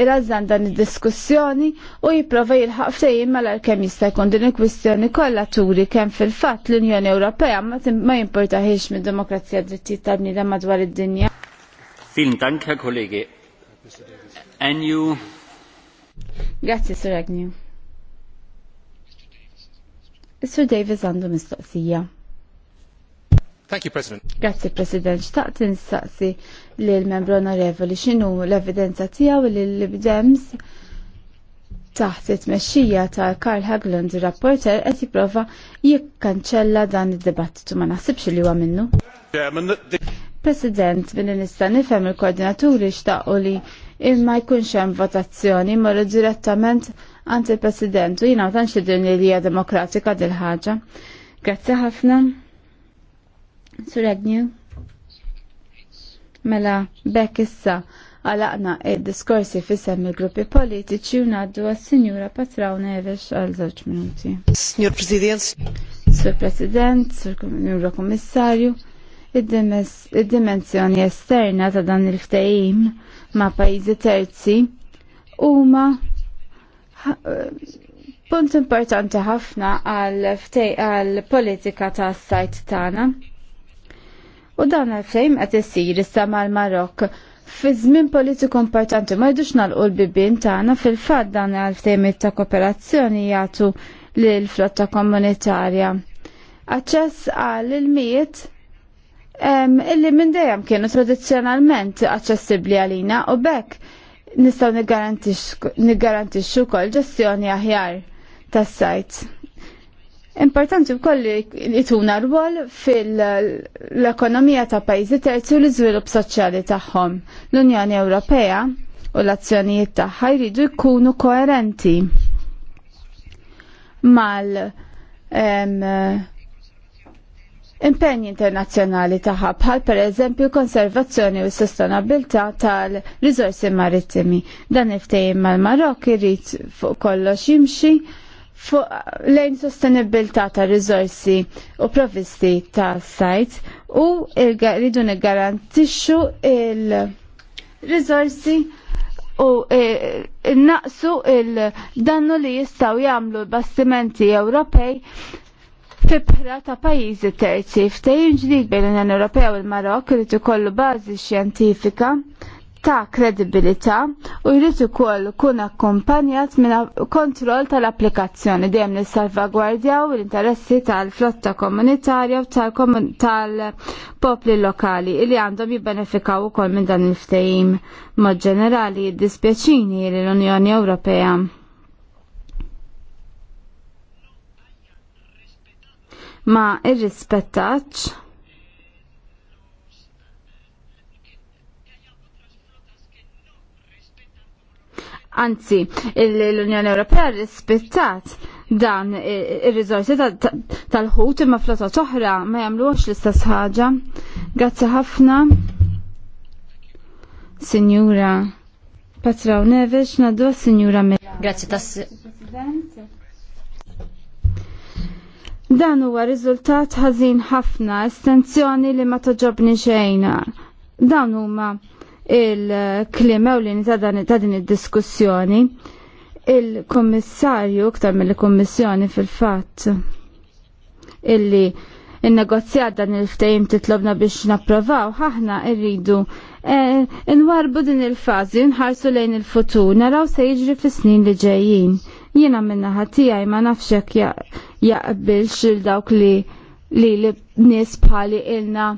irazzan dan id-diskussjoni u jipprova jilħaq ftehim mal-kemm jista' jkun din il-kwistjoni kollha turi kemm fil-fatt l-Unjoni Ewropea ma ħiex mid-demokrazija drittijiet tal-bniedem madwar id-dinja. Vielen Dank, Herr Kollege. Agnew. Grazie, Sir Agnew. Sir Davis għandu mistoqsija. Thank you, President. Grazzi, President. Xtaqt nistaqsi li l-membru onorevoli xinu l-evidenza tijaw li l-bdems taħt it-mexxija ta' Karl Haglund, rapporter, qed jipprova jikkanċella dan id-dibattitu ma naħsibx li huwa minnu. President, billi nista' nifhem il-koordinaturi xtaqgħu li imma jkunx hemm votazzjoni marru direttament għand il-President u jiena ma tantx din li hija demokratika dil ħaġa. Grazzi ħafna. Suregni. Mela, bekk issa għalaqna id-diskorsi fissem il-gruppi politiċi u naddu għas-Sinjura Patraw Neves għal żewġ minuti. Signor President. Sur President, Sur Kommissarju, id-dimensjoni esterna ta' dan il-ftehim ma' pajjiżi terzi huma punt importanti ħafna għal politika ta' sajt tagħna U dan għal qed isir issa mal-Marok fi żmien politiku importanti ma jdux nalqu l-bibin tagħna fil-fatt dan għal-frejmiet ta' kooperazzjoni jagħtu lil flotta komunitarja. Aċċess għal il-miet illi minn dejjem kienu tradizzjonalment aċċessibbli għalina u bekk nistgħu niggarantixxu wkoll ġestjoni aħjar tas-sajt. Importanti wkoll li tuna rwol fil-ekonomija ta' pajjiżi terzi u l-iżvilupp soċjali tagħhom. L-Unjoni Ewropea u l-azzjonijiet tagħha jridu jkunu koerenti mal impegni impenji internazzjonali tagħha bħal pereżempju konservazzjoni u s sostenabilità tal-riżorsi marittimi. Dan il mal-Marok irid fuq kollox jimxi fuq lejn sostenibilità ta' rizorsi u provvisti ta' sajt u rridu niggarantixxu il rizorsi u e, naqsu il-dannu li jistaw jagħmlu l-bastimenti Ewropej fibħra ta' pajjiżi terzi ftehim ġdid bejn l-Unjoni Ewropea u l-Marok irid ikollu bażi xjentifika ta' kredibilità u jrid ukoll kun akkumpanjat minn kontroll tal-applikazzjoni dejjem nissalvagwardjaw l-interessi tal-flotta komunitarja u tal-popli lokali li għandhom jibbenefikaw ukoll minn dan il-ftehim mod ġenerali jiddispjaċini li l-Unjoni Ewropea. Ma ir-rispettaċ anzi l-Unjoni Ewropea rispettat dan ir-riżorsi tal-ħut imma flotta toħra ma jagħmluhx l-istess ħaġa. Grazzi ħafna. Sinjura Patraw Neves, naddu Sinjura Mela. Grazzi tas. Dan huwa riżultat ħażin ħafna, estensjoni li ma toġobni xejna. Dan huma il-klim ewlieni ta' din id-diskussjoni il-kommissarju iktar mill-kommissjoni fil-fatt illi il-negozjat dan il ftajim titlobna biex napprovaw, ħahna irridu inwarbu eh, din il-fazi, nħarsu lejn il-futur, naraw se jiġri fis-snin li ġejjin. Jiena minna ħatijaj ma nafxek jaqbilx il-dawk li li nis pali ilna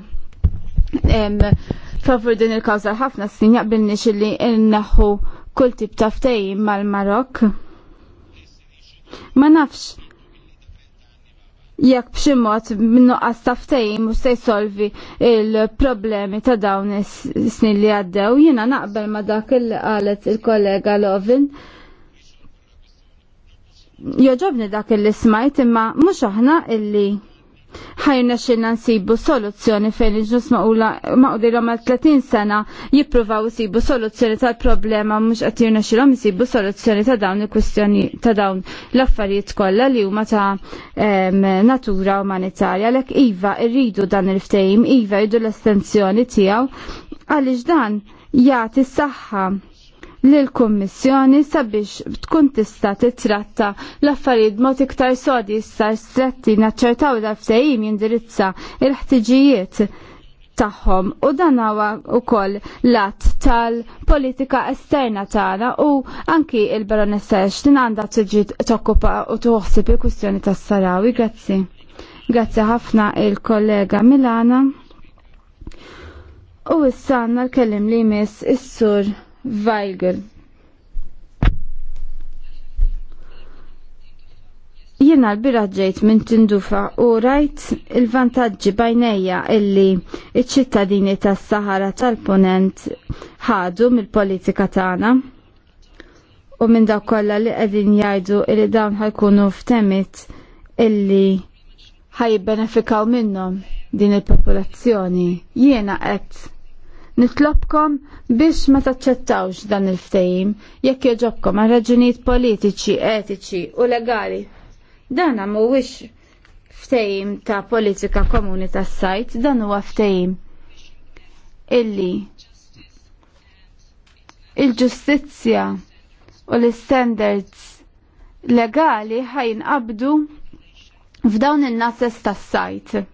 favur din il-kawza ħafna snin jaqbilni xilli innaħu kull tip ta' mal-Marok. Ma nafx jekk b'xi mod għas ta' mu u se jsolvi il-problemi ta' dawn is-snin li għaddew, jiena naqbel ma' dak il qalet il-kollega Lovin joġobni dak il-li smajt imma mux aħna illi ħajna xilna nsibu soluzzjoni fejn il-ġus maqdilom għal 30 sena jippruvaw nsibu soluzzjoni tal-problema mux għatjirna xilom jisibu soluzzjoni ta' dawn il-kwistjoni ta' dawn l-affarijiet kollha li huma ta' natura umanitarja lek iva irridu dan il ftejm iva jridu l-estenzjoni tiegħu għaliex dan jagħti s-saħħa lil kummissjoni sabiex tkun tista' titratta l-affarijiet mod iktar sodi iktar stretti naċċertaw dal-ftehim jindirizza il-ħtiġijiet tagħhom u dan huwa wkoll lat tal-politika esterna tagħna u anki il-Baronessa Eshtin għandha tiġi tokkupa u toħsib il-kwistjoni tas-sarawi. Grazzi. Grazzi ħafna il-kollega Milana. U issa għandna l-kellim li jmiss is-sur Weigel. Jiena l-biraħ ġejt minn Tindufa u rajt il-vantaġġi bajnejja illi iċ-ċittadini tas-Sahara tal-Ponent ħadu mill-politika tagħna u minn dak kollha li qegħdin jgħidu li dawn ħajkunu f'temit illi ħajbenefikaw minnhom din il-popolazzjoni. Jiena qed Nitlobkom biex ma taċċettawx dan il-ftejim jekk joġobkom għal raġunijiet politiċi, etiċi u legali. Dan mhuwiex ftejim ta' politika komuni tas sajt, dan huwa ftejim illi il-ġustizzja u l-standards legali ħajnqabdu f'dawn il-nases tas-sajt.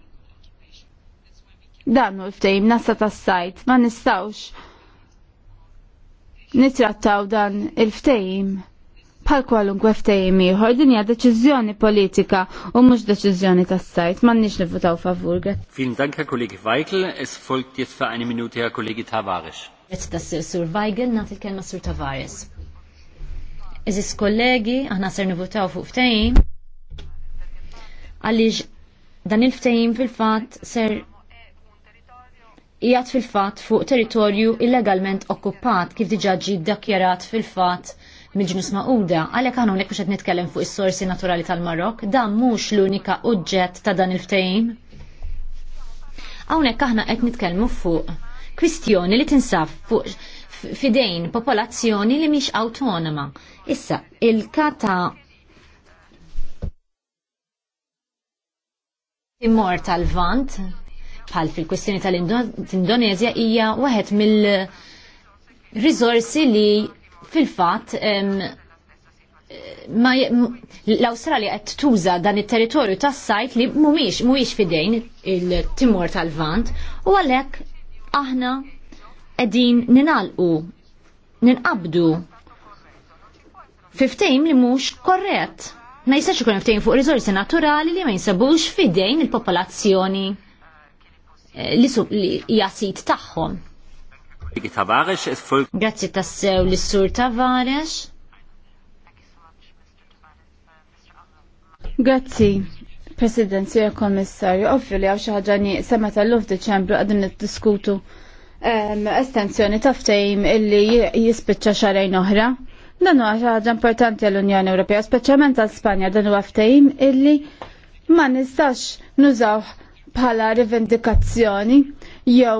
Dan u l-ftejm nasa tas-sajt ma nistawx nitrattaw dan il-ftejm bħal kwalunkwe ftejim ieħor din hija deċiżjoni politika u mhux deċiżjoni tas-sajt m'għandniex nivvutaw favur. Fin Dank Herr kollegi Weigel, es folgt jetzt für eine Minute Herr Kollege Tavares. Qed tassir Sur Weigel nagħti l-kelma Sur Tavares. Eżis kollegi, aħna ser nivvutaw fuq ftehim għaliex dan il-ftehim fil-fatt ser jgħat fil-fat fuq territorju illegalment okkupat kif diġaġi dakjarat fil-fat mil ġnus ma'uda, għalek għan nek muxet nitkellem fuq is-sorsi naturali tal-Marok, dan mhux l-unika uġġett ta' dan il-ftehim. Hawnhekk aħna qed nitkellmu fuq kwistjoni li tinsaf fuq fidejn popolazzjoni li mhix autonoma. Issa, il-kata immortal vant bħal fil-kwestjoni tal-Indonezja hija waħed mill rizorsi li fil-fatt l-Awstralja qed tuża dan it-territorju tas-sajt li mhumiex mhuwiex fidejn il timur tal-Vant u għalhekk aħna qegħdin ninalqu ninqabdu fiftejn li mhux korrett. Ma jistax ikun ftejn fuq riżorsi naturali li ma jinsabux fidejn il-popolazzjoni Eh, li jasit tagħhom. Grazzi tassew li sur Tavares. Grazzi. President, Sir Kommissarju, ovvju li għaw xaħġa sema tal luf Deċembru għadin niddiskutu ehm, estensjoni ta' ftehim illi jispiċċa xarajn oħra. Dan huwa ħaġa importanti għall-Unjoni Ewropea, speċjalment għall Spanja dan huwa ftehim illi ma nistax nużawh bħala rivendikazzjoni jew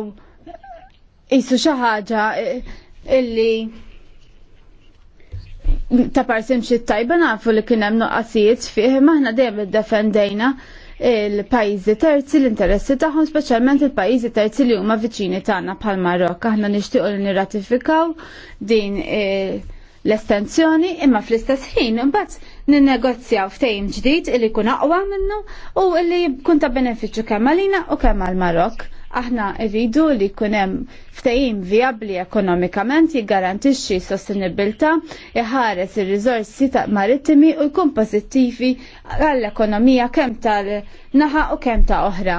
jisu xi ħaġa eh, illi ta' parsim xi tajba nafu li kien hemm nuqqasijiet fih maħna dejjem iddefendejna il-pajjiżi terzi l-interessi tagħhom speċjalment il-pajjiżi terzi li huma viċini tagħna bħal Marokk. Aħna nixtiequ li nirratifikaw din eh, l-estensjoni imma fl-istess ħin imbagħad ninnegozjaw ftejim ġdid illi kun aqwa minnu u illi kun ta' benefiċċju kemm għalina u kemm għal Marok. Aħna rridu li jkun hemm ftehim vijabbli ekonomikament jiggarantixxi sostenibilità, iħares ir-riżorsi marittimi u jkun pożittivi għall-ekonomija kemm tal-naħa u kemm ta' oħra.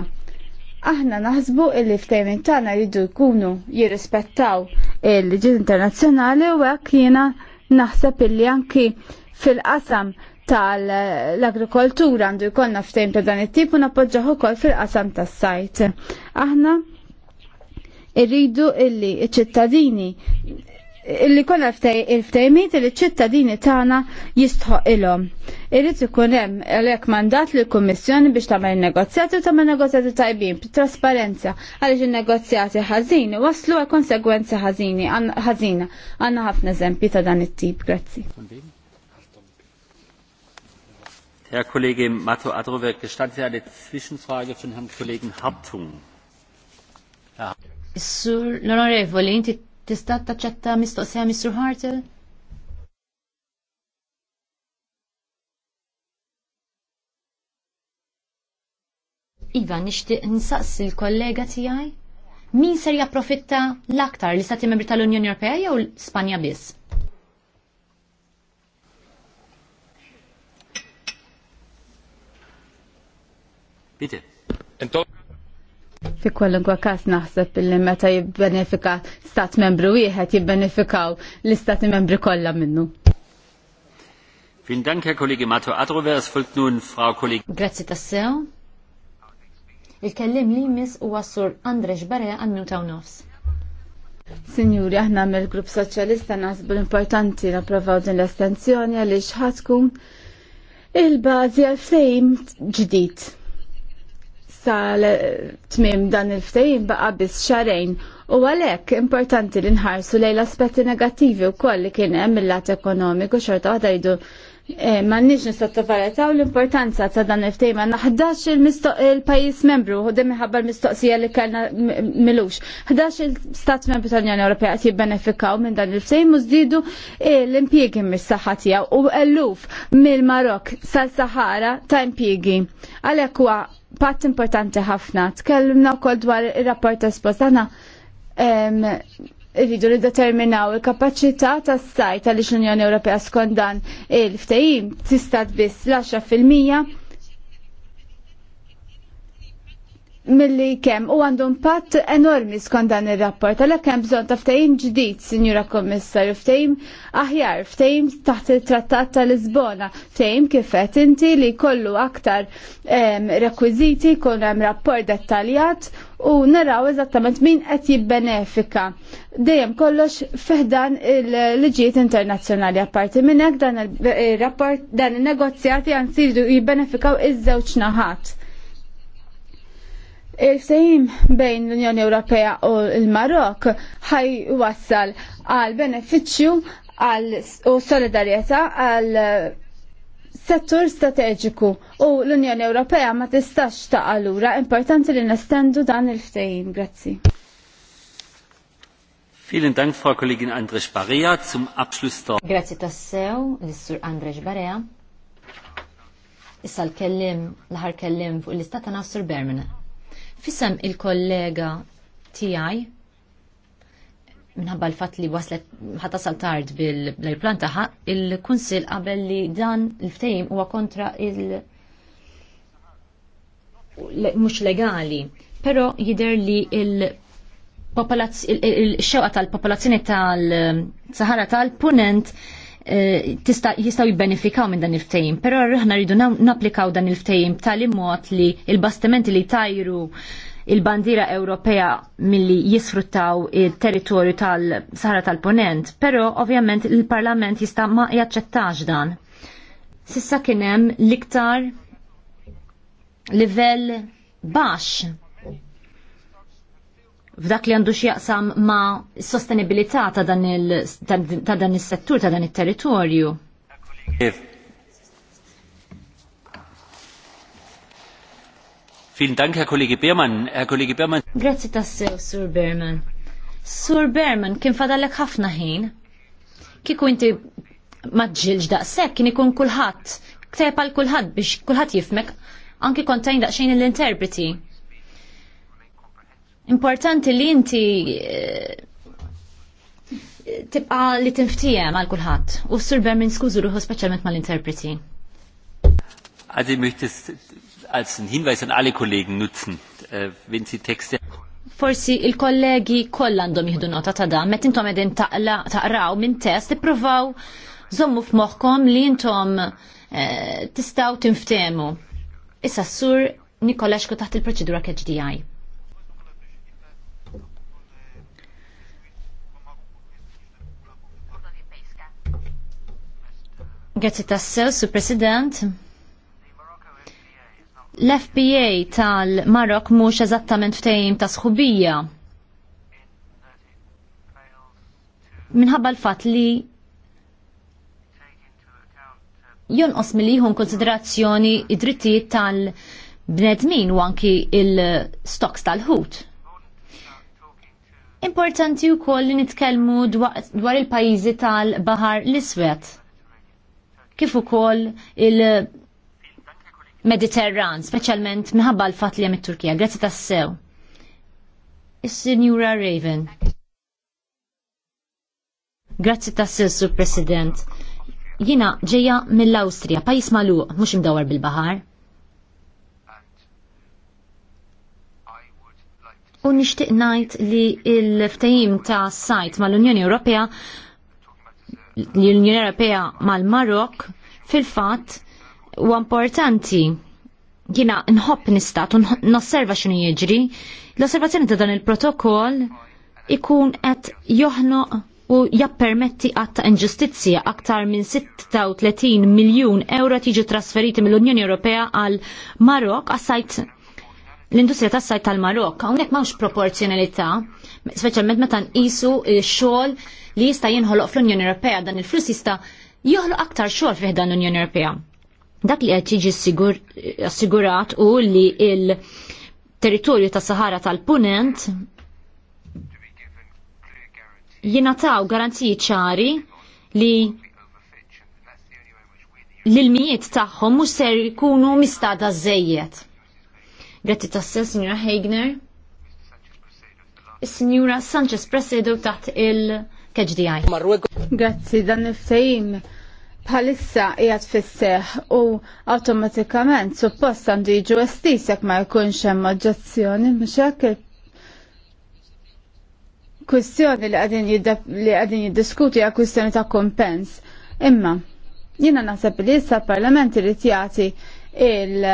Aħna naħsbu illi ftehim tagħna jridu jkunu jirrispettaw il-ġid internazzjonali u hekk jiena naħseb illi anki fil-qasam tal-agrikoltura għandu jkollna ftejn ta' dan it-tip u nappoġġaħ ukoll fil-qasam tas-sajt. Aħna irridu illi ċ ċittadini illi ftej il-ftejmiet li ċittadini tagħna jistħoq ilhom. Irrid ikun hemm għalhekk mandat lill kummissjoni biex tagħmel negozjati u tagħmel negozjati tajbin b'trasparenza għaliex in-negozjati ħażin waslu għal konsegwenzi ħażini ħażina. Għandna ħafna eżempji ta' dan it-tip, grazzi. Herr Kollege Mato Sie eine Zwischenfrage von Herrn Kollegen Hartung? inti tista' taċċetta mistoqsija Mr. Hartel? Iva, nixtieq nsaqs il kollega tiegħi? Min ser japprofitta l-aktar li istati Membri tal-Unjoni Ewropea jew l-Spanja biss? Bitte. Fi kwalunkwa kas naħseb illi meta jibbenefika stat membru wieħed jibbenefikaw l-istati membri kollha minnu. Vielen Dank, Herr Kollege Mato Adrover. Es folgt nun Frau Kollegin. Grazie tassew. Il-kellim li mis u għassur Andrej Barja għannu ta' nofs. Signori, aħna mill grupp Soċjalista nasbu l-importanti napprovaw din l-estenzjoni għaliex ħatkun il-bazi għal-fejm ġdid sal-tmim dan il-ftejn baqa biss xarejn u għalhekk importanti li nħarsu lejn l-aspetti negattivi wkoll li kien hemm il lat ekonomiku xorta waħda jdu eh, nix nistottovalutaw l-importanza ta' dan il-ftejn ma naħdax il-pajjiż membru u dem ħabba l-mistoqsija li kellna milux. Ħdax il-Stat Membru tal-Unjoni Ewropea għati jibbenefikaw minn dan il-ftejn u zdidu eh, l-impjiegi mis-saħħa tiegħu u elluf mill-Marok sal-Sahara ta' impjiegi. Għalhekk wa patt importanti ħafna. Tkellimna wkoll dwar ir-rapport espost aħna irridu li determinaw il-kapacità tas sajt għaliex l-Unjoni Ewropea skont dan il-ftehim tista' tbiss l-10 fil-mija milli kem u għandu impatt enormi skont dan ir-rapport, għalhekk hemm bżonn ta' ftehim ġdid, Sinjura Kommissarju, ftehim aħjar, ftehim taħt it-Trattat ta' Lisbona, ftehim kif qed inti li jkollu aktar rekwiżiti, jkun hemm rapport dettaljat u naraw eżattament min qed jibbenefika. Dejjem kollox fiħdan il-liġijiet internazzjonali apparti minn hekk dan ir-rapport dan in-negozjati għan jibbenefikaw iż-żewġ naħat Il-sejm bejn l-Unjoni Ewropea u l-Marok ħaj wassal għal beneficju għal u solidarieta għal settur strateġiku u l-Unjoni Ewropea ma tistax ta' għalura importanti li nestendu dan il-ftejim. Grazzi. Vielen Dank, Frau Kollegin Andres Barea, zum Abschluss der... Grazie tassew, l-Sur Andres Barea. Issa l-kellim, l-ħar kellim fuq l ta' Sur Bermena. Fissem il-kollega tiegħi minħabba l-fat li waslet ħatasal tard bil-plan taħa il-kunsil qabel li dan l-ftejim huwa kontra il- mux legali. Pero jider li il-xewqa tal-popolazzjoni tal-Sahara tal-Punent Eh, jistaw jibbenefikaw minn dan il-ftejim, pero rħna rridu naplikaw dan il-ftejim tal-immot li il-bastimenti li tajru il-bandira Ewropea milli jisfruttaw il-territorju tal-Sahara tal-Ponent, pero ovvjament il-Parlament jista' ma jaċċettax dan. Sissa kienem liktar livell baxx f'dak li għandu x'jaqsam ma' sostenibilità ta' dan is-settur ta' dan it-territorju. Fin Dank, kollegi Berman. kollegi Berman. Grazzi ta' sew, tassew, Sur Berman. Sur Berman, kien fadalek ħafna ħin. Kiku inti maġġilġ daqsek, kien ikun ktepa l kulħadd biex kulħadd jifmek, anki kontajn daqsxejn l-interpreti. Importanti li inti eh, tibqa li tinftijem għal kulħadd u s-sur Bermin skużu ruħu speċjalment mal-interpreti. Also ich möchte es als einen Hinweis an alle Kollegen nutzen, äh, wenn Sie Texte Forsi il-kollegi koll għandhom jihdu nota ta' dan, meta intom qegħdin taqraw minn test, ippruvaw żommu f'moħħkom li intom eh, tistaw tinftehmu. Issa s-sur Nikolaxku taħt il-proċedura KHDI. Grazie tassew, su President. L-FBA tal-Marok mhux eżattament ftehim ta' sħubija. Minħabba l-fatt li jonqos mill-li konsiderazzjoni id-drittijiet tal-bnedmin u anki il-stoks tal-ħut importanti u koll li nitkelmu dwar il-pajizi tal-Bahar l-Iswed kif ukoll il-Mediterran, speċjalment minħabba l-fatt li hemm it-Turkija. Grazzi tassew. Is-Sinjura Raven. Grazzi tassew, Sur President. Jina ġeja mill-Awstrija, pajis magħluq, mhux imdawar bil-baħar. U nixtieq ngħid li l-ftehim ta' sajt mal-Unjoni Ewropea l-Unjoni Ewropea mal-Marok fil-fatt huwa importanti jina nħobb nistat u nosserva xinu jiġri, l-osservazzjoni ta' dan il-protokoll ikun qed joħno u jappermetti għatta inġustizzja aktar minn 36 miljun euro tiġi trasferiti mill-Unjoni Ewropea għal Marok għasajt l-industrija tas sajt tal-Marok, hawnhekk m'hawnx proporzjonalità, speċjalment meta nqisu x-xogħol li jista' jinħoloq fl-Unjoni Ewropea dan il-flus jista' joħloq aktar xogħol fih dan l-Unjoni Ewropea. Dak li qed jiġi assigurat u li il-territorju tas Sahara tal-Punent jingħataw garanziji ċari li l-ilmijiet tagħhom mhux ser jkunu mistada zzejiet. Grazzi tassew, Signora Hegner. Signora Sanchez Presedo taħt il-KGDI. Grazzi, dan il-fejm bħalissa jgħat fisseħ u automatikament suppost għandu jiġu estisek ma jkunx hemm oġġezzjoni mhux kwistjoni li għadin jiddiskuti għal kwistjoni ta' kompens. Imma, jina naħseb li issa l-parlament irid jagħti il-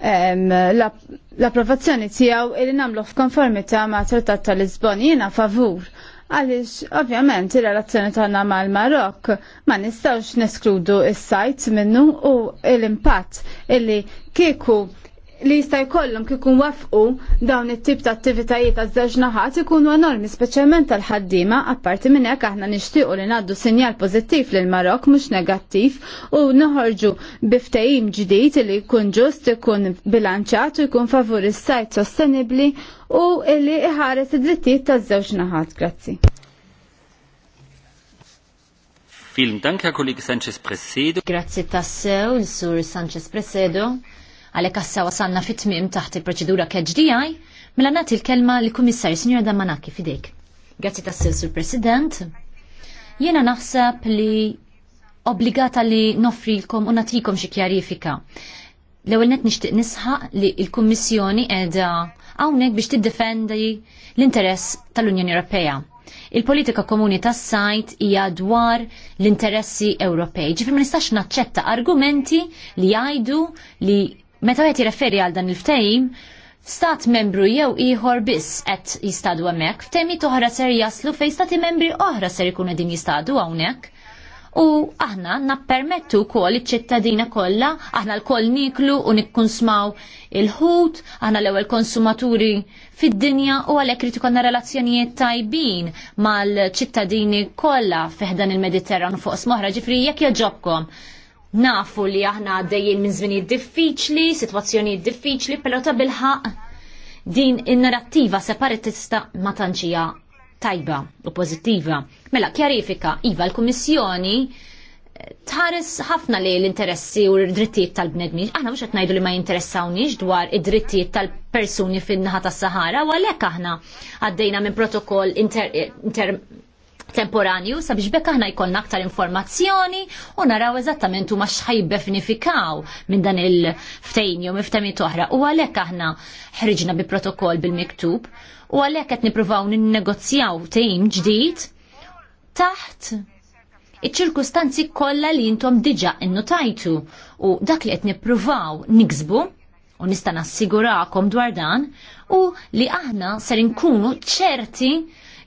l-approvazzjoni tiegħu li nagħmlu f'konformità ma' Trattat ta' Lisbon jiena favur. Għaliex ovvjament ir-relazzjoni tagħna mal-Marokk ma nistgħux neskludu s sajt minnu u l-impatt illi kieku li jista' jkollhom kikun wafqu dawn it-tip ta' attivitajiet għaż-żewġ naħat ikunu enormi speċjalment tal-ħaddiema apparti minn hekk aħna nixtiequ li ngħaddu sinjal pożittiv lil Marok mhux negattiv u noħorġu biftehim ġdid li jkun ġust ikun bilanċat u jkun favur is-sajt sostenibbli u li iħares id-drittijiet taż-żewġ naħat. Grazzi. Vielen Dank, Herr Kollege Sanchez Presedo. Grazie tassew, il-Sur Sanchez Presedo. Għalhekk assa wasanna fit-tmiem taħt il-proċedura KGDI, mela nagħti l-kelma lill-Kummissarju Sinjora Damanaki fidejk. Grazzi tassil sur President. Jiena naħseb li obbligata li nofrilkom u natrikom xi kjarifika. L-ewwel net nixtieq nisħaq li l-Kummissjoni qiegħda hawnhekk biex tiddefendi l-interess tal-Unjoni Ewropea. Il-politika komuni tas-sajt hija dwar l-interessi Ewropej. Ġifir ma nistax naċċetta argumenti li jgħidu li meta għet jirreferi għal dan il-ftehim, stat membru jew ieħor biss qed jistadu hemmhekk, f'temi oħra ser jaslu fejn stati membri oħra ser ikunu din jistadu hawnhekk. U aħna nappermettu kol iċ-ċittadina kollha, aħna l-koll niklu u nikkunsmaw il-ħut, aħna l-ewwel konsumaturi fid-dinja u għalhekk rid ikollna relazzjonijiet tajbin mal-ċittadini kollha fiħdan il-Mediterran fuq smoħra ġifri jekk jaġobkom Nafu li aħna għaddejjin minn żminijiet diffiċli, sitwazzjonijiet diffiċli, però ta' bilħaq din in-narrattiva separatista ma tantxija tajba u pożittiva. Mela kjarifika iva l-Kummissjoni eh, tħares ħafna li l-interessi u l-drittijiet tal-bnedmin. Aħna mhux qed ngħidu li ma jinteressawnix dwar id-drittijiet tal-persuni fin-naħa tas-Sahara, u għalhekk aħna għaddejna minn protokoll inter, inter temporanju sabiex bekk aħna jkollna aktar informazzjoni u naraw eżattament huma x'ħajbefnifikaw minn dan il-ftejn jew miftemiet oħra. U għalhekk aħna ħriġna bi protokoll bil-miktub u għalhekk qed nippruvaw ninnegozjaw tejn ġdid taħt iċ-ċirkustanzi kollha li intom diġà innotajtu u dak li qed nippruvaw niksbu u nista' nassigurakom dwar dan u li aħna ser inkunu ċerti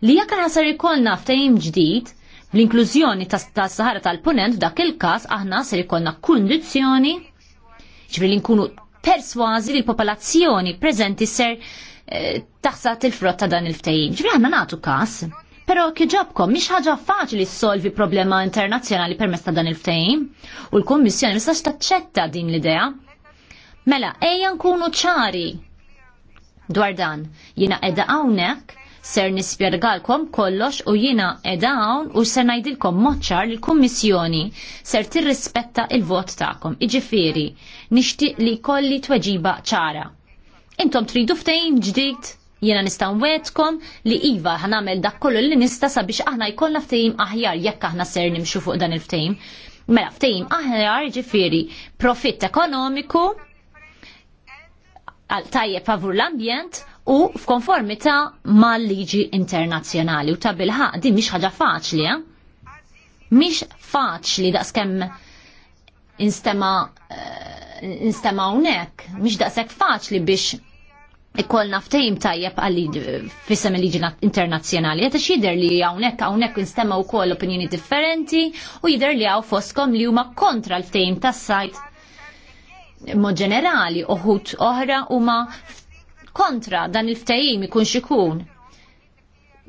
li jekk nasar ikollna ftehim ġdid bl-inklużjoni tas-Sahara tal-Punent f'dak il-każ aħna ser ikollna kundizzjoni ġifri li nkunu perswazi li l-popolazzjoni preżenti ser eh, taħsat il-frott ta' dan il-ftehim. Ġifri aħna nagħtu każ. Pero kieġabkom, miex ħaġa faċli solvi problema internazzjonali permess ta' dan il-ftehim u l-Kommissjoni mistax taċċetta din l-idea. Mela, ejja nkunu ċari dwar dan. Jina edha hawnhekk ser nispjegalkom kollox u jina edawn u ser najdilkom moċċar li l-Kummissjoni ser tirrispetta il-vot ta'kom. Iġifiri, nixtieq li kolli tweġiba ċara. Intom tridu ftejn ġdid jiena nista' nwedkom li iva ħanamel dak kollu li nista' sabiex aħna jkollna ftejim aħjar jekk aħna ser nimxu fuq dan il ftejm Mela ftejim aħjar jiġifieri profitt ekonomiku għal favur l-ambjent u f'konformità mal-liġi internazzjonali u ta' bilħaq di mhix ħaġa faċli, eh? Mhix faċli skem instema eh, instema hawnhekk, da' daqshekk faċli biex ikollna ftejim tajjeb għalli fissem il-liġi internazjonali. Għet xider li għawnek għawnek nistema u koll opinjoni differenti u jider li għaw foskom li huma kontra l-ftejim tas sajt mod ġenerali uħut oħra huma kontra dan il-ftajim ikun xikun.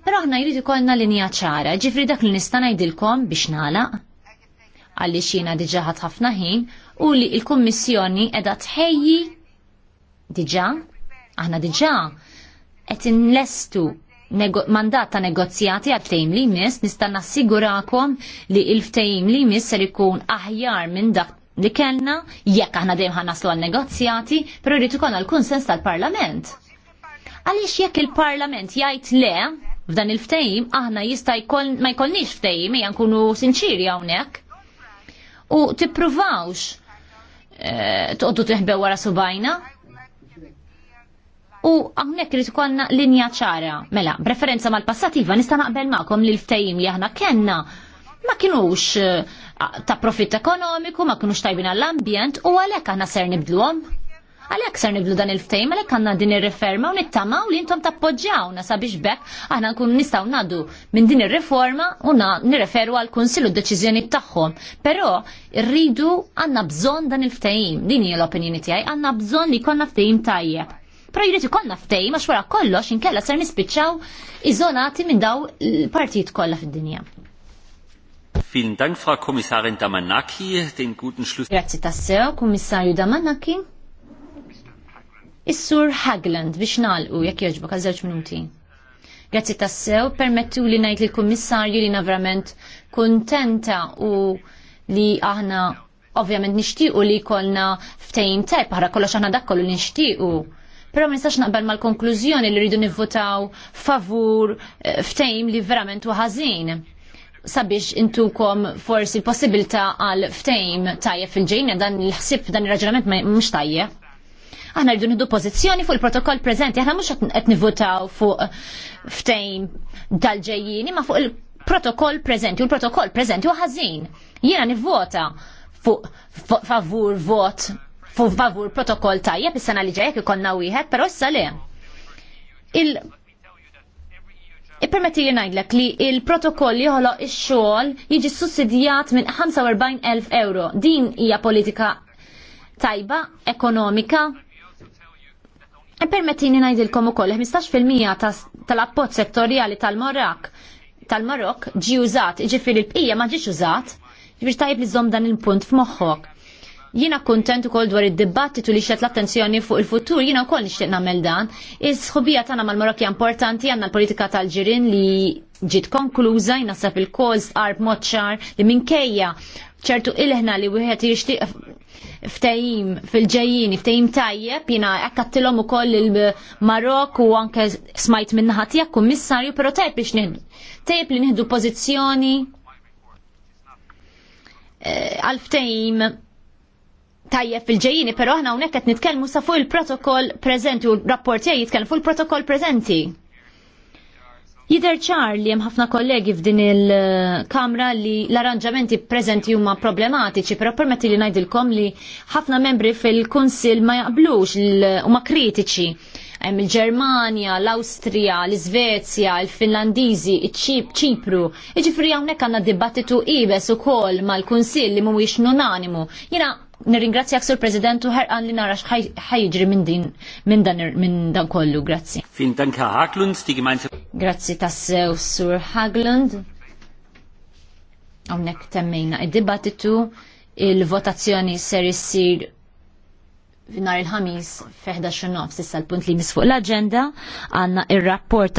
Pero aħna jrid ikollna linja ċara, ġifri dak li nista' ngħidilkom biex nagħlaq. Għalli xina diġaħat ħafna ħin u li l-Kummissjoni qiegħda tħejji diġa, aħna diġa qed inlestu mandat ta' negozjati għal ftajim li jmiss nista' nassigurakom li il-ftehim li jmiss ser ikun aħjar minn dak li kellna jekk aħna dejjem ħan naslu għal-negozjati, però jrid ikollna l-kunsens tal-Parlament. Għaliex jekk il-Parlament jgħid le f'dan il-ftehim aħna jista' ma jkollniex ftehim hija nkunu sinċiri hawnhekk. U tippruvawx eh, toqgħodu tiħbew wara subajna. U hawnhekk irid ikollna linja ċara. Mela, preferenza mal-passat iva nista' naqbel magħkom li l-ftehim li aħna kellna ma kinux eh, ta' profitt ekonomiku, ma kunux tajbin għall-ambjent u għalhekk aħna ser nibdluhom. Għalhekk ser nibdlu dan il-ftejm, għalhekk għandna din il-reforma u nittamaw li intom tappoġġjawna sabiex bekk aħna nkunu nistgħu nadu minn din ir-riforma u nirreferu għal kunsill u d deċizjoni tagħhom. Però rridu għandna bżonn dan il-ftejm, din hija l-opinjoni tiegħi, għandna bżonn li jkollna ftejm tajjeb. Pero jrid ikollna ftejm għax wara kollox inkella ser nispiċċaw iżonati minn daw l-partijiet kollha fid-dinja. Vielen Dank, Frau Kommissarin Damanaki, den guten Schluss. Grazie tassew, Kommissario Damanaki. Is-sur Hagland biex nalqu jekk jogħġbok ka żewġ minuti. Grazzi tassew, permettu li ngħid lill kummissarju li verament kuntenta u li aħna ovvjament nixtiequ li jkollna ftejn tajb aħra kollox aħna dak kollu nixtiequ. Però ma nistax naqbel mal-konklużjoni li rridu nivvotaw favur eh, ftejm li verament u ħażin sabiex intukom forsi possibilta għal ftejm tajjeb fil ġejn dan il-ħsib dan il-raġunament mux tajjeb. Aħna rridu nidu pożizzjoni fuq il-protokoll preżenti, aħna mhux qed nivutaw fuq ftejm tal-ġejjini ma fuq il-protokoll preżenti u l-protokoll prezenti u ħażin. Jiena nivvota fuq favur vot fuq favur protokoll tajjeb is-sena li ġejjek ikollna wieħed, però issa le. Ippermetti jirnajdlek ngħidlek li il-protokoll joħloq ix-xogħol jiġi sussidjat minn 45,000 euro. Din hija politika tajba, ekonomika, Permettini li u koll, 15% tal-appot settorjali tal-Marok tal-Marok ġi użat, ġifir il-bqija ma ġiġ użat, ġifir tajb li zom dan il-punt f'moħħok. Jiena kuntent ukoll dwar id-dibattitu li xed l-attenzjoni fuq il-futur, jiena wkoll nixtieq nagħmel dan. Is-sħubija tagħna mal-Marokki importanti għandna l-politika tal-ġirien li ġiet konkluża jnaħseb il-kols qarb moċċar li minkejja ċertu ilħna li wieħed jixtieq ftehim fil ġejjini ftehim tajjeb, jiena u ukoll il-Marok u anke smajt minnaħat tiegħek kummissarju, però tajb biex nieħdu. Tajb li nieħdu pożizzjoni eh, għal ftehim tajjeb fil-ġejjini, pero aħna hawnhekk qed nitkellmu sa fuq il-protokoll preżenti u l-rapport tiegħi jitkellem fuq il-protokoll prezenti. Jider ċar li hemm ħafna kollegi f'din il-kamra li l-arranġamenti preżenti huma problematiċi, però permetti li ngħidilkom li ħafna membri fil-Kunsil ma jaqblux huma kritiċi. Hemm il-Ġermanja, l-Awstrija, l-Iżvezja, il-Finlandiżi, iċ Ċipru. Jiġifieri hawnhekk għandna dibattitu ibes ukoll mal-Kunsill li mhuwiex unanimu. Jiena Nirringrazzja sur prezidentu u ħerqan li narax ħajġri minn din minn dan minn dan kollu, grazzi. Fin danka Haglund, sti Grazzi tassew sur Haglund. Għonek temmejna id-dibattitu il-votazzjoni ser issir nar il-ħamis f'11 nofs issa l-punt li misfuq l agenda għanna il rapport